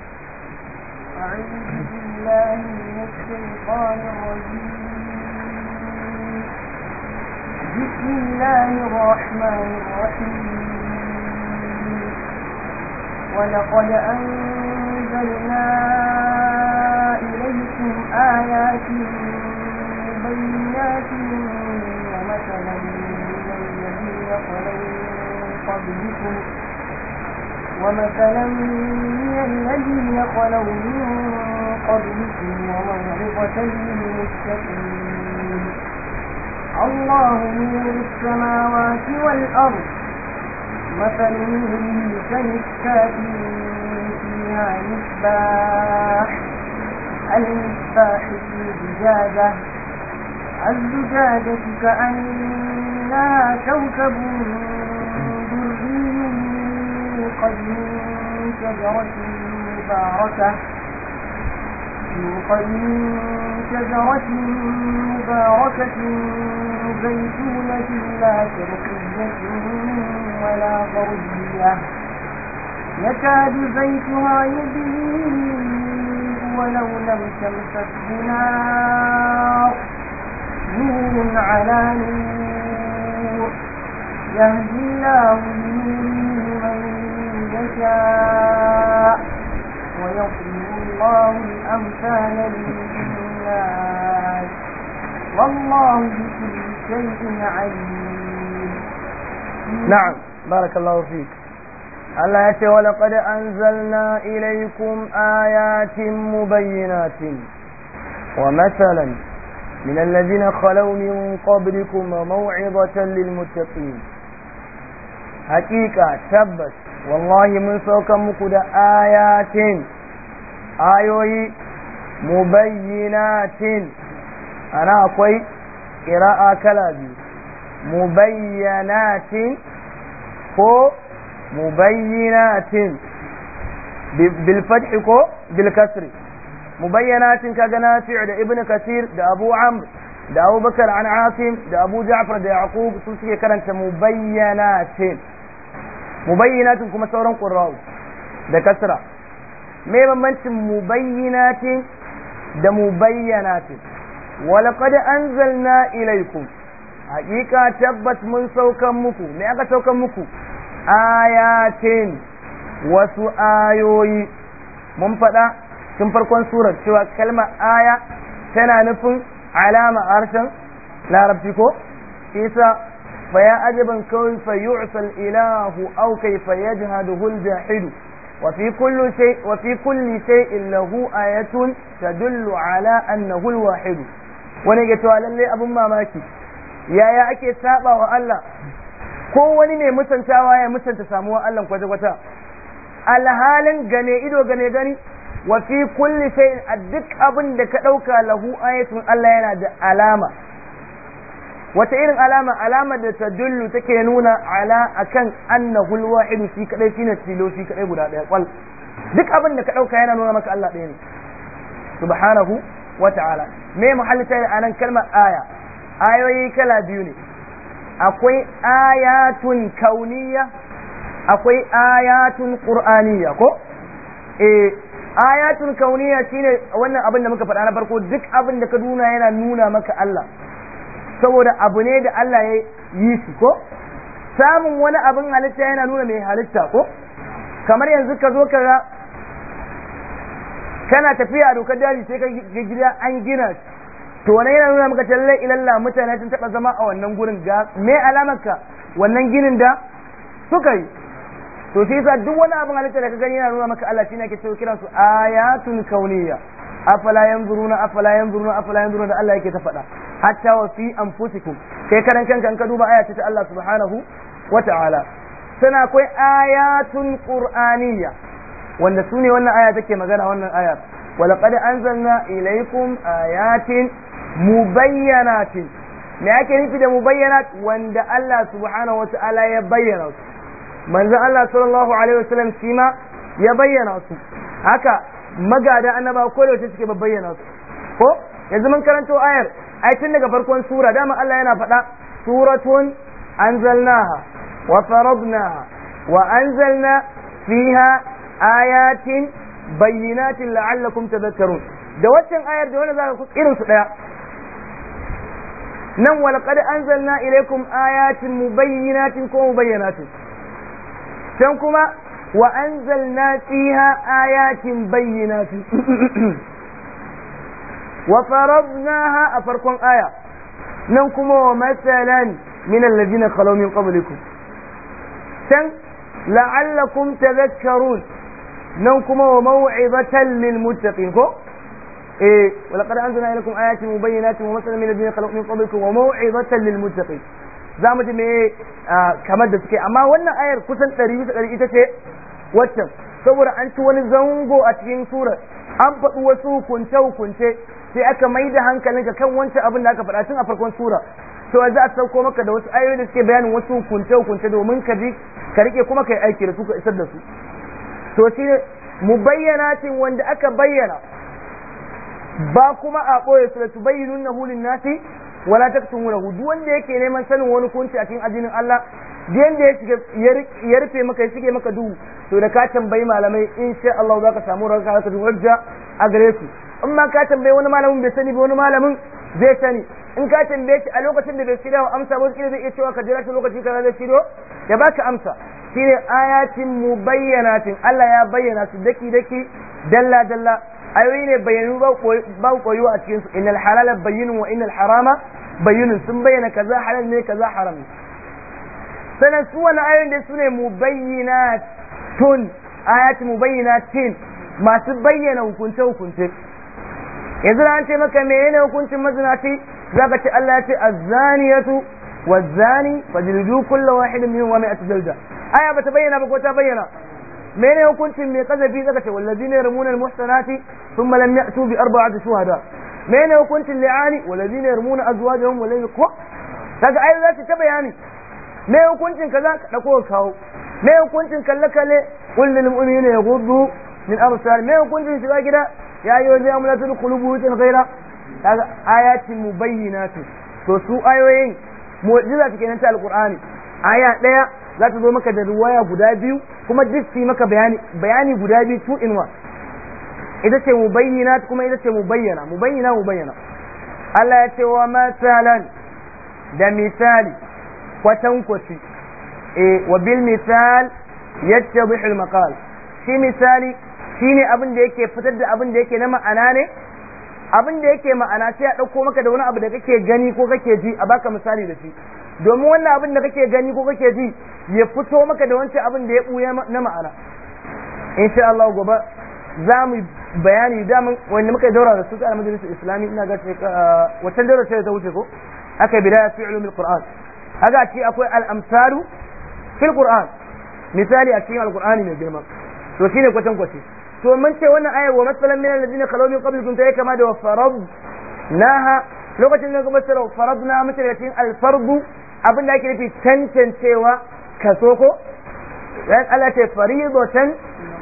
بسم الله أنزلنا إليكم آيات بينات ومثلا من الذين خلوا قبلكم ومثلا من الذين خلوا من قبلكم وموعظة للمتقين الله نور السماوات والأرض مثل منهم كمثال المصباح المصباح في زجاجة الزجاجة كأنها كوكب دري قد من شجرة مباركة يوقد من شجرة مباركة زيتونة لا شرقية ولا غربية يكاد زيتها يبين ولو لم تمسسه نار نور على نور يهدي الله من يشاء ويضرب الله الأمثال للناس والله بكل شيء عليم نعم بارك الله فيك Allah ya ce wa laqad anzalna ilaykum ayatin mubayyinatin wa mathalan min alladhina khalaw min qablikum wa maw'izatan lil muttaqin haqiqa tabbas wallahi mun saukan muku da ayatin ayoyi mubayyinatin ana akwai qira'a kala biyu bayyanatin ko mubayyinatin bil fathi ko bil kasri mubayyinatin kaga nafi' da ibn kasir da abu amr da abu bakar an asim da abu ja'far da yaqub su suke karanta mubayyinatin mubayyinatin kuma sauran qurra'u da kasra me bambancin mubayyinatin da mubayyanatin walaqad anzalna ilaykum haqiqa tabbat mun saukan muku me aka saukan muku ayatin wasu ayoyi mun faɗa tun farkon surar cewa kalmar aya tana nufin alama a harshen larabci ko isa fa ya ajaban kawai fa yu'sal ilahu aw kayfa yajhaduhu al-jahidu وفي كل شيء وفي كل شيء له آية تدل على أنه wani ga cewa lallai abin mamaki yaya ake saba wa Allah ko wani mai musantawa ya musanta samuwa Allah kwata-kwata alhalin gane ido gane gani wa fi kulli shay'in a duk abin da ka ɗauka lahu ayatun Allah yana da alama wata irin alama alama da ta dullu take nuna ala akan annahu alwahid shi kadai na tilo shi kadai guda daya kwal duk abin da ka dauka yana nuna maka Allah ɗaya ne subhanahu wa ta'ala me muhalli ta anan kalmar aya ayoyi kala biyu ne akwai ayatun kauniya akwai ayatun qur'aniya ko eh ayatun kauniya shine wannan abin da muka faɗa na farko duk abin da ka duna yana nuna maka Allah saboda abu ne da Allah ya yi shi ko samun wani abin halitta yana nuna mai halitta ko kamar yanzu ka zo ka kana tafiya a dokar daji sai ka gida an gina shi to wannan yana nuna maka talle ilalla mutane sun taba zama a wannan gurin ga me alamarka wannan ginin da suka yi to sai yasa duk wani abin halitta da ka gani yana nuna maka Allah shine yake cewa su. ayatun kauniyya afala yanzuruna afala yanzuruna afala yanzuruna da Allah yake ta faɗa hatta wa fi anfusikum kai karan kanka in ka duba ayata ta Allah subhanahu wa ta'ala sana akwai ayatun qur'aniyya wanda su ne wannan aya take magana wannan ayar ولقد أنزلنا إليكم آيات mubayyanatin me ake nufi da mubayyanat wanda Allah subhanahu wa ta'ala ya bayyana su manzon Allah sallallahu alaihi wasallam shi ya bayyana su haka magada annaba ko da suke bayyana su ko yanzu mun karanto ayar ai tun daga farkon sura dama Allah yana faɗa suratun anzalnaha wa faradnaha wa anzalna fiha ayatin bayyinatin la'allakum tadhakkarun da waccan ayar da wannan zaka ku irin su daya nan walqad anzalna ilaykum ayatin mu mubayyinatin ko mubayyinatin can kuma wa anzalna fiha ayatin bayyinatin (coughs) wa faradnaha a farkon aya nan kuma wa masalan min alladhina khalaw min qablikum can la'allakum tadhakkarun nan kuma wa maw'izatan lil muttaqin ko إيه ولقد أنزلنا إليكم آيات مبينات ومثلا من الذين خلقوا من قبلكم وموعظة للمتقين za mu ji me kamar da suke amma wannan ayar kusan ɗari bisa ɗari ita ce waccan saboda an ci wani zango a cikin surar an faɗi wasu kunce kunce sai aka mai da hankalinka kan wancan abin da aka faɗa tun a farkon sura to za a sauko maka da wasu ayoyi da suke bayanin wasu kunce kunce domin ka ji ka rike kuma ka yi aiki da su ka isar da su to shi ne mubayyanatin wanda aka bayyana ba kuma a ɓoye su da bayi nuna hulun nasi wala taktumunahu duk wanda yake neman sanin wani kunci a cikin ajinin Allah yanda ya ya rufe maka ya shige maka duhu to da ka tambayi malamai insha Allah ka samu raka ka duhu rajja a gare su in ma ka tambayi wani malamin bai sani ba wani malamin zai sani in ka tambaye shi a lokacin da bai shirya wa amsa ba kila zai iya cewa ka jira shi lokacin kaza zai shiryo ya baka amsa shine ayatin mubayyanatin Allah ya bayyana su daki daki dalla dalla ayoyi ne bayanu ba koyo a cikin su innal halala bayyinun wa innal harama bayyinun sun bayyana kaza halal ne kaza haram Sannan sanan su wani ayoyin da su ne mubayyinatun ayati mubayyinatin masu bayyana hukunce hukunce yanzu an ce maka ne hukuncin mazinaci zaka ce Allah ya ce azzaniyatu wazzani fajlidu kullu wahidin minhum wa mi'atu jalda aya bata bayyana ba ko ta bayyana mene hukuncin mai kazafi zaka ce wallazina yarmuna almuhsanati thumma lam ya'tu bi arba'ati shuhada mene hukuncin li'ani wallazina yarmuna azwajahum wa lam ko daga ayi za ta bayani me hukuncin kaza ka dauko kawo me hukuncin kalle kalle qul lil mu'minina yaghuddu min absar me hukuncin shiga gida ya yi wajen amula ta dukkan rubutun gaira daga ayatin mu bayyana su to su ayoyin mu'jiza ta kenan ta alqur'ani aya daya za ta zo maka da ruwaya guda biyu kuma duk su maka bayani bayani guda biyu tu in wa, ita ce mu bayyana kuma ita ce mu bayyana mu bayyana mu bayyana Allah ya ce wa masalan da misali kwatankwaci eh wa bil misal yadda al maqal shi misali shine abin da yake fitar da abin da yake na ma'ana ne abin da yake ma'ana sai a dauko maka da wani abu da kake gani ko kake ji a baka misali da shi domin wannan abin da kake gani ko kake ji ya fito maka da wancan abin da ya buya na ma'ana insha Allah gobe za mu bayani daman wanda muka daura da su a majalisar islami ina ga wancan daura sai ta wuce ko aka bidaya fi ulumul qur'an haka ce akwai al-amsalu fil qur'an misali a cikin alqur'ani mai girma to shine kwatan kwace to mun ce wannan aya wa masalan min alladhina khalaw min qablikum ta kama da wa farad naha lokacin da kuma farad na mutum da cikin al abin da ake nufi cancancewa kaso ko dan Allah ce faridatan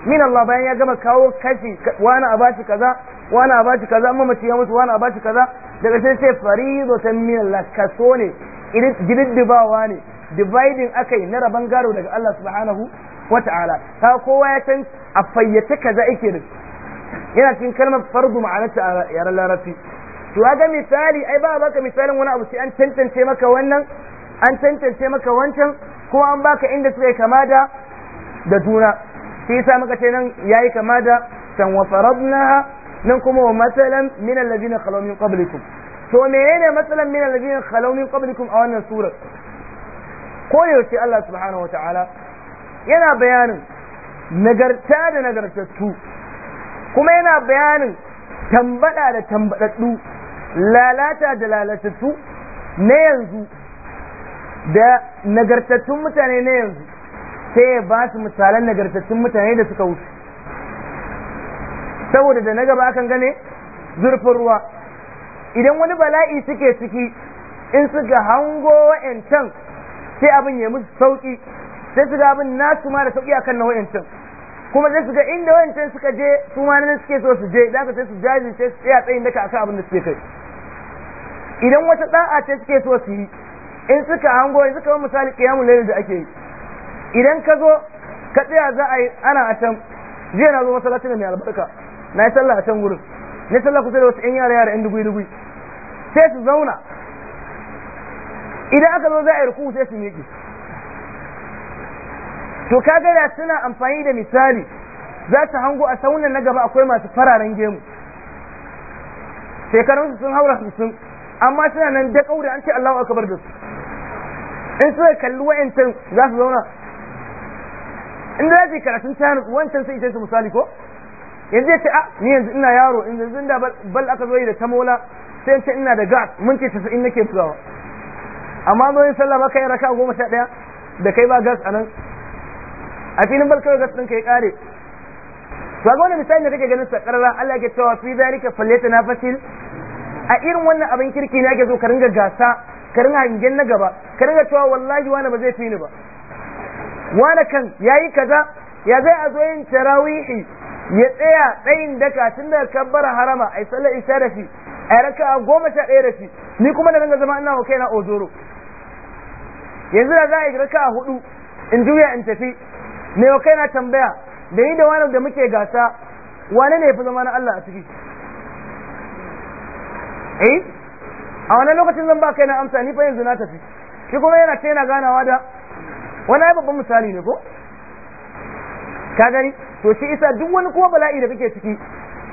min Allah bayan ya gama kawo kashi wani a bashi kaza wani a bashi kaza amma mace ya mutu wani a bashi kaza daga sai sai faridatan min Allah kaso ne gididdibawa ne dividing akai na raban garo daga Allah subhanahu wata'ala ta kowa ya san a fayyace kaza yake da yana cikin kalmar fardu ma'anarta a yaran larabci to ga misali ai ba baka misalin wani abu sai an tantance maka wannan an tantance maka wancan ko an baka inda suka yi kama da da juna sai yasa muka ce nan yayi kama da san wa faradnaha nan kuma wa masalan min allazina khalaw min qablikum to menene masalan min allazina khalaw min qablikum a wannan surar ko yaushe Allah subhanahu wataala yana bayanin nagarta da nagartattu kuma yana bayanin tambada da tambadaddu lalata da lalatattu na yanzu da nagartattun mutane na yanzu sai ya ba su misalan nagartattun mutane da suka wuce saboda da na gaba kan gane zurfin ruwa idan wani bala'i suke ciki in suka hango wa'yancan sai abin ya musu sauki sai su ga abin nasu ma da sauki akan na wa'yancan kuma sai su ga inda wa'yancan suka je su ma nan suke so su je za ka sai su jajirce su tsaya tsayin daka akan abin da suke kai idan wata da'a ce suke so su yi in suka hango yanzu kamar misali kiyamul layl da ake yi idan ka zo ka tsaya za a yi ana a can jiya na zo masallaci mai albarka na yi sallah a can gurin ne sallah kusa da wasu yan yara yara yan dugui dugui sai su zauna idan aka zo za a yi ruku sai su miƙe to ga da suna amfani da misali za su hango a saunan na gaba akwai masu fararen gemu shekarunsu sun haura hamsin amma suna nan da kauri an ce Allahu akbar da su in suka kalli wa'ancan za su zauna in da zai karatun ta hannu wancan sai ita su misali ko yanzu ya ce a ah, ni yanzu ina yaro in yanzu da bal aka zo yi da tamola sai ce ina da gas minti tasa'in nake zuwa amma zo yin sallah maka yi raka goma sha ɗaya da kai ba gas a nan a filin bal kawai gas ɗinka ya ƙare to ga wani misali da kake ganin sa ƙarara Allah ke cewa fi zalika falyata na fasil a irin wannan abin kirki ne ake zo ka ringa gasa ka ringa hangen na gaba ka ringa cewa wallahi wani ba zai fi ni ba wani kan yayi kaza ya zai a zo yin tarawihi ya tsaya tsayin daka tun daga kabbara harama ai sallar isa da shi ai raka goma sha ɗaya da shi ni kuma da ringa zama ina wa na ojoro yanzu da za a yi raka hudu in juya in tafi me wa na tambaya da ni da wani da muke gasa wani ne ya fi zama na Allah a ciki eh a wani lokacin zan ba kai na amsa ni fa yanzu na tafi shi kuma yana ta yana ganawa da wani ai babban misali ne ko ka gani to shi isa duk wani kuma bala'i da kake ciki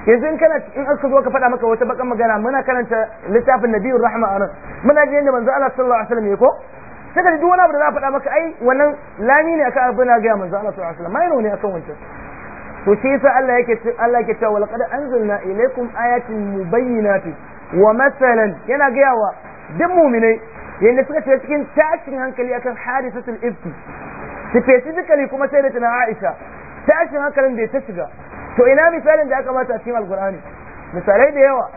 yanzu in kana in aka zo ka faɗa maka wata bakan magana muna karanta littafin nabiyur rahma nan. muna ji da manzo Allah sallallahu alaihi wasallam ko sai ka duk wani abu da za faɗa maka ai wannan lami ne akan abin da ga manzo Allah sallallahu alaihi wasallam mai ne akan wancan to shi isa, Allah yake Allah yake cewa laqad anzalna ilaykum ayatin mubayyinatin wa masalan yana gaya wa duk muminai yadda suka ce cikin tashin hankali akan hadisatul ifki specifically kuma sai da tana Aisha tashin hankalin da ta shiga to ina misalin da aka mata cikin alkur'ani misalai da yawa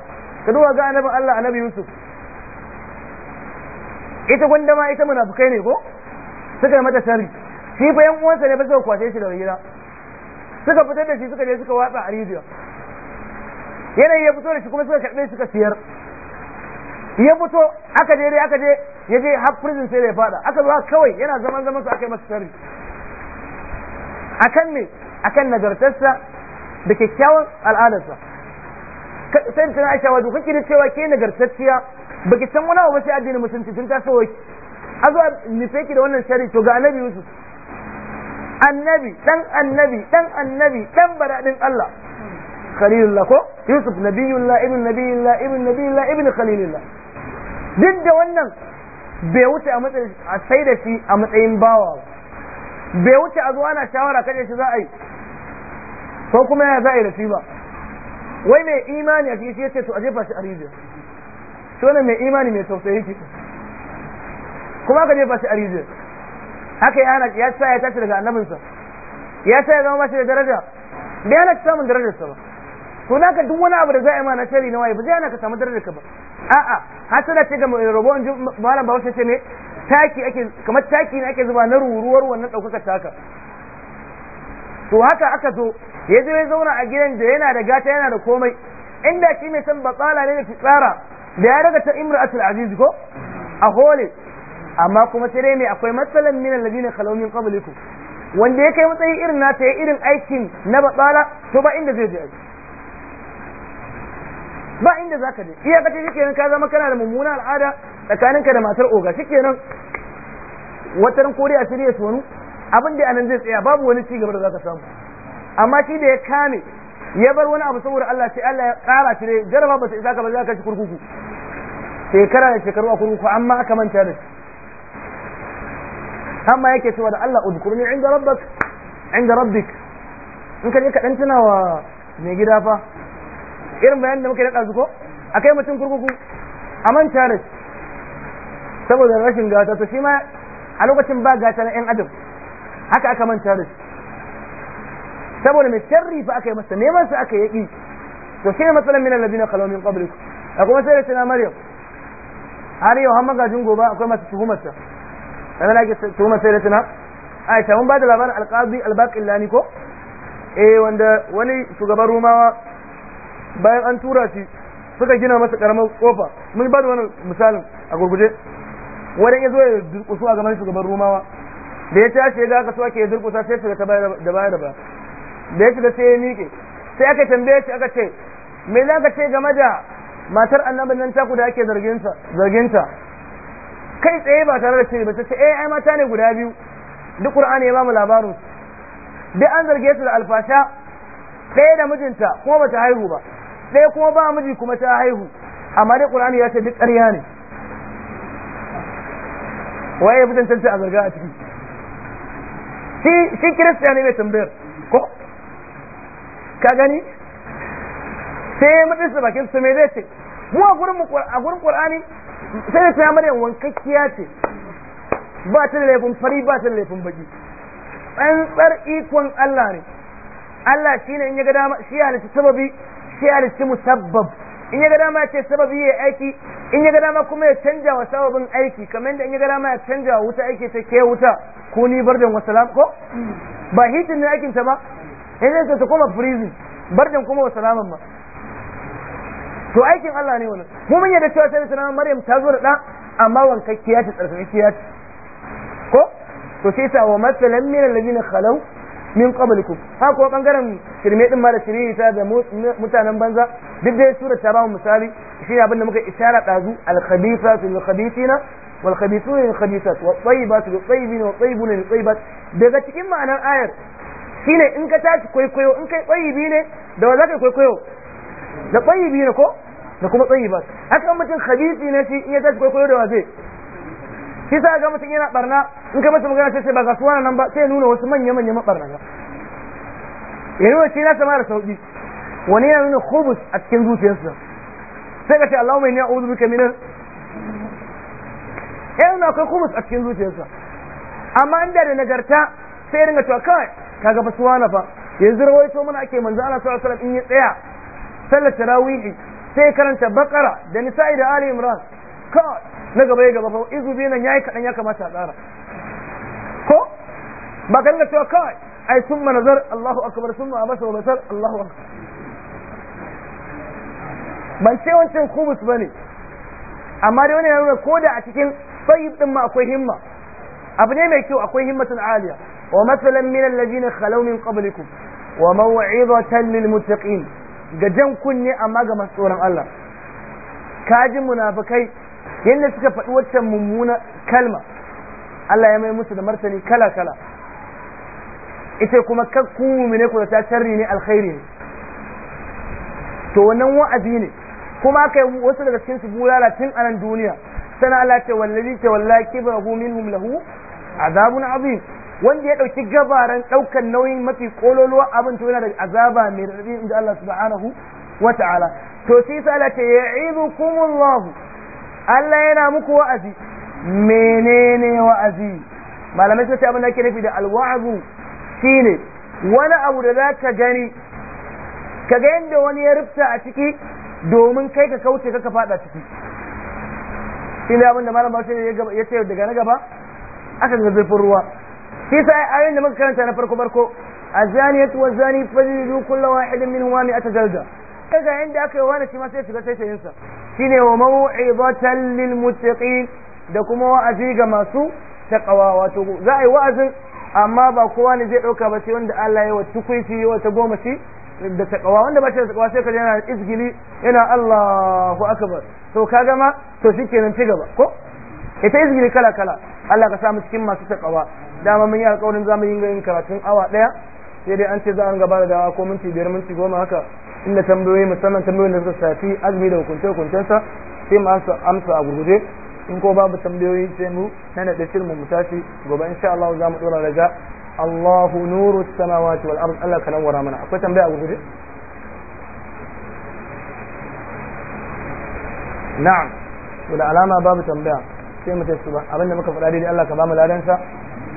ka duba ga annabin Allah annabi Yusuf ita ma ita munafukai ne ko suka yi mata sarri shi fa yan uwansa ne ba suka kwace shi daga gida suka fitar da shi suka je suka watsa a yanayi ya fito da shi kuma suka karɓe suka siyar ya fito aka je aka je ya je har prison sai da ya fada aka zuwa kawai yana zaman zaman su aka yi masa sarri akan ne akan nagartarsa da kyakkyawan al'adarsa sai da tana aisha wato kake da cewa ke nagartacciya baki san wani abu sai addinin musulunci tun taso wai a zuwa nufe ki da wannan shari to ga annabi Yusuf annabi dan annabi dan annabi dan baradin Allah الله ko yusuf الله ابن نبي الله ابن خليل الله duk da wannan bai wuce a matsayin a sai da shi a matsayin bawa bai wuce a zuwa na shawara kaje shi za a yi ko kuma ya za a yi da shi ba wai mai imani a cikin shi yace to a jefa shi a rijiya shi wannan mai imani mai tausayi ki kuma ka jefa shi a rijiya haka ya ya sa ya tashi daga annabinsa ya sa ya zama ba shi da daraja bai hana samun darajarsa ba to ka duk wani abu da za a yi mana na shari na waye ba zai ana ka samu darajar ka ba a'a hasana ce ga eh, rabo in ji malam ba ce ne taki ake kamar taki ne ake zuba na ruruwar wannan ɗaukaka taka to haka aka zo ya zo ya zauna a gidan da yana da gata yana da komai inda shi mai san batsala ne da fitsara da ya daga ta imratul aziz ko a hole amma kuma sai dai mai akwai matsalan min alladhina khalaw min qablikum wanda ya kai matsayi irin nata ya irin aikin na batsala to ba inda zai je ba inda za ka je iya ka ce ka zama kana da mummunan al'ada tsakaninka da matar oga shikenan wataran ko dai a shirya su wani abin da anan zai tsaya babu wani ci gaba da za ka samu amma shi da ya kame ya bar wani abu saboda Allah sai Allah ya kara shi ne jaraba ba sai ka ba za ka shi kurkuku shekara da shekaru a kurkuku amma aka manta da shi amma yake cewa da Allah udkurni inda rabbak inda rabbik in ka je ka dan mai gida fa irin bayanin da muka daɗa zuko a kai mutum kurkuku a manta da saboda rashin gata to shi ma a lokacin ba gata na 'yan adam haka aka manta da saboda mai sharri fa aka yi masa neman su aka yi to shi ne matsalan min alladina khalaw min qablikum akwai masu da tana maryam har yau har magajin gobe akwai masu tuhumarsa sanan ake tuhumar sai da tana aisha mun ba da labarin alqazi albaqillani ko eh wanda wani shugaban rumawa bayan an tura shi suka gina masa karamar kofa mun ba da wani misalin a gurguje wani ya zo ya durkusu a gaban shugaban rumawa da ya ta ya ga aka so ake durkusa sai shiga ta da baya da baya da ya shiga sai ya miƙe sai aka tambaye shi aka ce me za ka ce game da matar annabin nan taku da ake zarginta kai tsaye ba tare da ce ba ta ce eh ai mata ne guda biyu duk qur'ani ya ba mu labarin duk an zarge su da alfasha ɗaya da mijinta kuma ba ta haihu ba ɗaya kuma ba miji kuma ta haihu amma dai qur'ani ya ce duk ƙarya ne waye ya tantance a zarga a ciki shi shi kirista ne mai tambayar ko ka gani sai ya mutunta bakin su me zai ce mu a gurin a gurin qur'ani sai da maryam wankakkiya ce ba ta da laifin fari ba ta da laifin baki tsantsar ikon Allah ne Allah shi ne in ya ga dama shi ya halitta sababi sai ya halicci musabbab in ya ga dama ya ce sababi ya aiki in ya ga dama kuma ya canja wa sababin aiki kamar yadda in ya ga dama ya canja wa wuta aiki ta ke wuta ko ni bar bardan wasalam ko ba hitin ne aikin ta ba in zai ta koma prison bardan kuma wasalaman ma to aikin Allah ne wannan mu mun yadda cewa sai sunan Maryam ta zo da da amma wankakkiya ta tsarkakkiya ce ko to sai ta wa masalan min alladhina khalaw min qablikum ha ko bangaren shirme din mala da ta da mutanen banza duk dai sura ta bamu misali shi abin da muka isara dazu al khabithatu lil khabithina wal khabithuna lil khabithat wa tayyibatu lil tayyibina wa tayyibuna lil tayyibat daga cikin ma'anar ayar shine in ka tashi kwaikwayo in kai tayyibi ne da wa zaka kwaikwayo da tayyibi ne ko da kuma tayyibat haka mutum khabithi ne shi in ya tashi kwaikwayo da wa zai shi sa ga mutum yana barna in ka masa magana sai ba kasuwa nan ba sai nuna wasu manya manya mabarna ya nuna shi na sama da sauki wani yana nuna khubus a cikin zuciyarsa sai ka ce mai inni a'udhu bika minar? eh na kai khubus a cikin zuciyarsa amma inda da nagarta sai ringa to kai kaga ba suwana fa yanzu rawaito mana ake manzo Allah sallallahu alaihi wasallam in ya tsaya sallar tarawih sai karanta bakara da nisa'i da ali imran kawai na gaba ya gaba ba izu biyu nan yi kaɗan ya kamata a tsara ko ba ka dinga cewa kawai ai sun manazar Allahu akbar sun ma basar basar Allahu akbar ban ce wancan ba ne amma dai wani ya nuna ko da a cikin tayyib din ma akwai himma abu ne mai kyau akwai himmatun aliya wa masalan min allazina khalaw min qablikum wa maw'izatan lil muttaqin ga jan kunne amma ga masu tsoron Allah kaji munafikai yadda suka faɗi waccan mummuna kalma Allah ya mai musu da martani kala kala ita kuma kakku mumine ku da ta sharri ne alkhairi ne to wannan wa'azi ne kuma kai wasu daga cikin su bulala tun anan duniya sana Allah ce wallahi ce wallahi kibrahu minhum lahu azabun azim wanda ya dauki gabaran daukan nauyin mafi kololuwa abin to yana da azaba mai raɗaɗi inda Allah subhanahu wa ta'ala to sai sai Allah ce ya'idukumullahu Allah yana muku wa'azi menene wa'azi malamai sosai abin da ake nufi da alwa'azu shine wani abu da za ka gani ka ga yadda wani ya rufta a ciki domin kai ka kauce ka fada ciki shi ne abin da malam bashi ya ce daga na gaba aka ga zurfin ruwa shi sa yayin da muka karanta na farko farko kullum wazani fajidu kullu wahidin minhuma mi'ata jalda kai ga aka yi wani shi ma sai shiga taitayin sa shine wa mau'izatan lil muttaqin da kuma wa'azi ga masu taƙawa wato za a yi wa'azin amma ba kowa ne zai dauka ba sai wanda Allah ya wa tukuici wa ta goma shi da taƙawa wanda ba shi da taƙawa sai kaje yana izgili yana Allahu akbar to kaga ma to shikenan ci gaba ko ita izgili kala kala Allah ka sa mu cikin masu taƙawa dama mun yi alƙawarin zamu yi yin karatun awa daya sai dai an ce za a gaba da dawa ko minti biyar minti goma haka inda tambayoyi musamman tambayoyin da suka shafi azumi da hukunce hukuncensa sai mu amsa a gurguje in ko babu tambayoyi sai mu na da shirin mu tashi gobe insha Allah za mu dora daga Allahu nuru samawati wal ard Allah kana wara mana akwai tambaya a gurguje na'am wala da alama babu tambaya sai mu tashi ba abinda muka faɗa dai Allah ka ba mu ladansa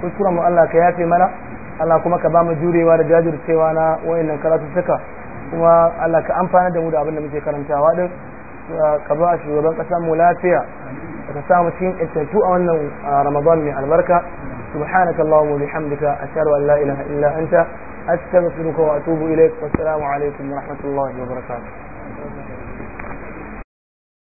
kuskuren mu Allah ka yafe mana Allah kuma ka ba mu jurewa da jajircewa na wayannan karatu suka kuma Allah ka amfana da mu da abin da muke karantawa din ka ba shugaban ƙasar mu lafiya ka samu cikin intattu a wannan Ramadan mai albarka سبحانك اللهم وبحمدك أشهد أن لا إله إلا أنت أستغفرك وأتوب إليك والسلام عليكم ورحمة الله وبركاته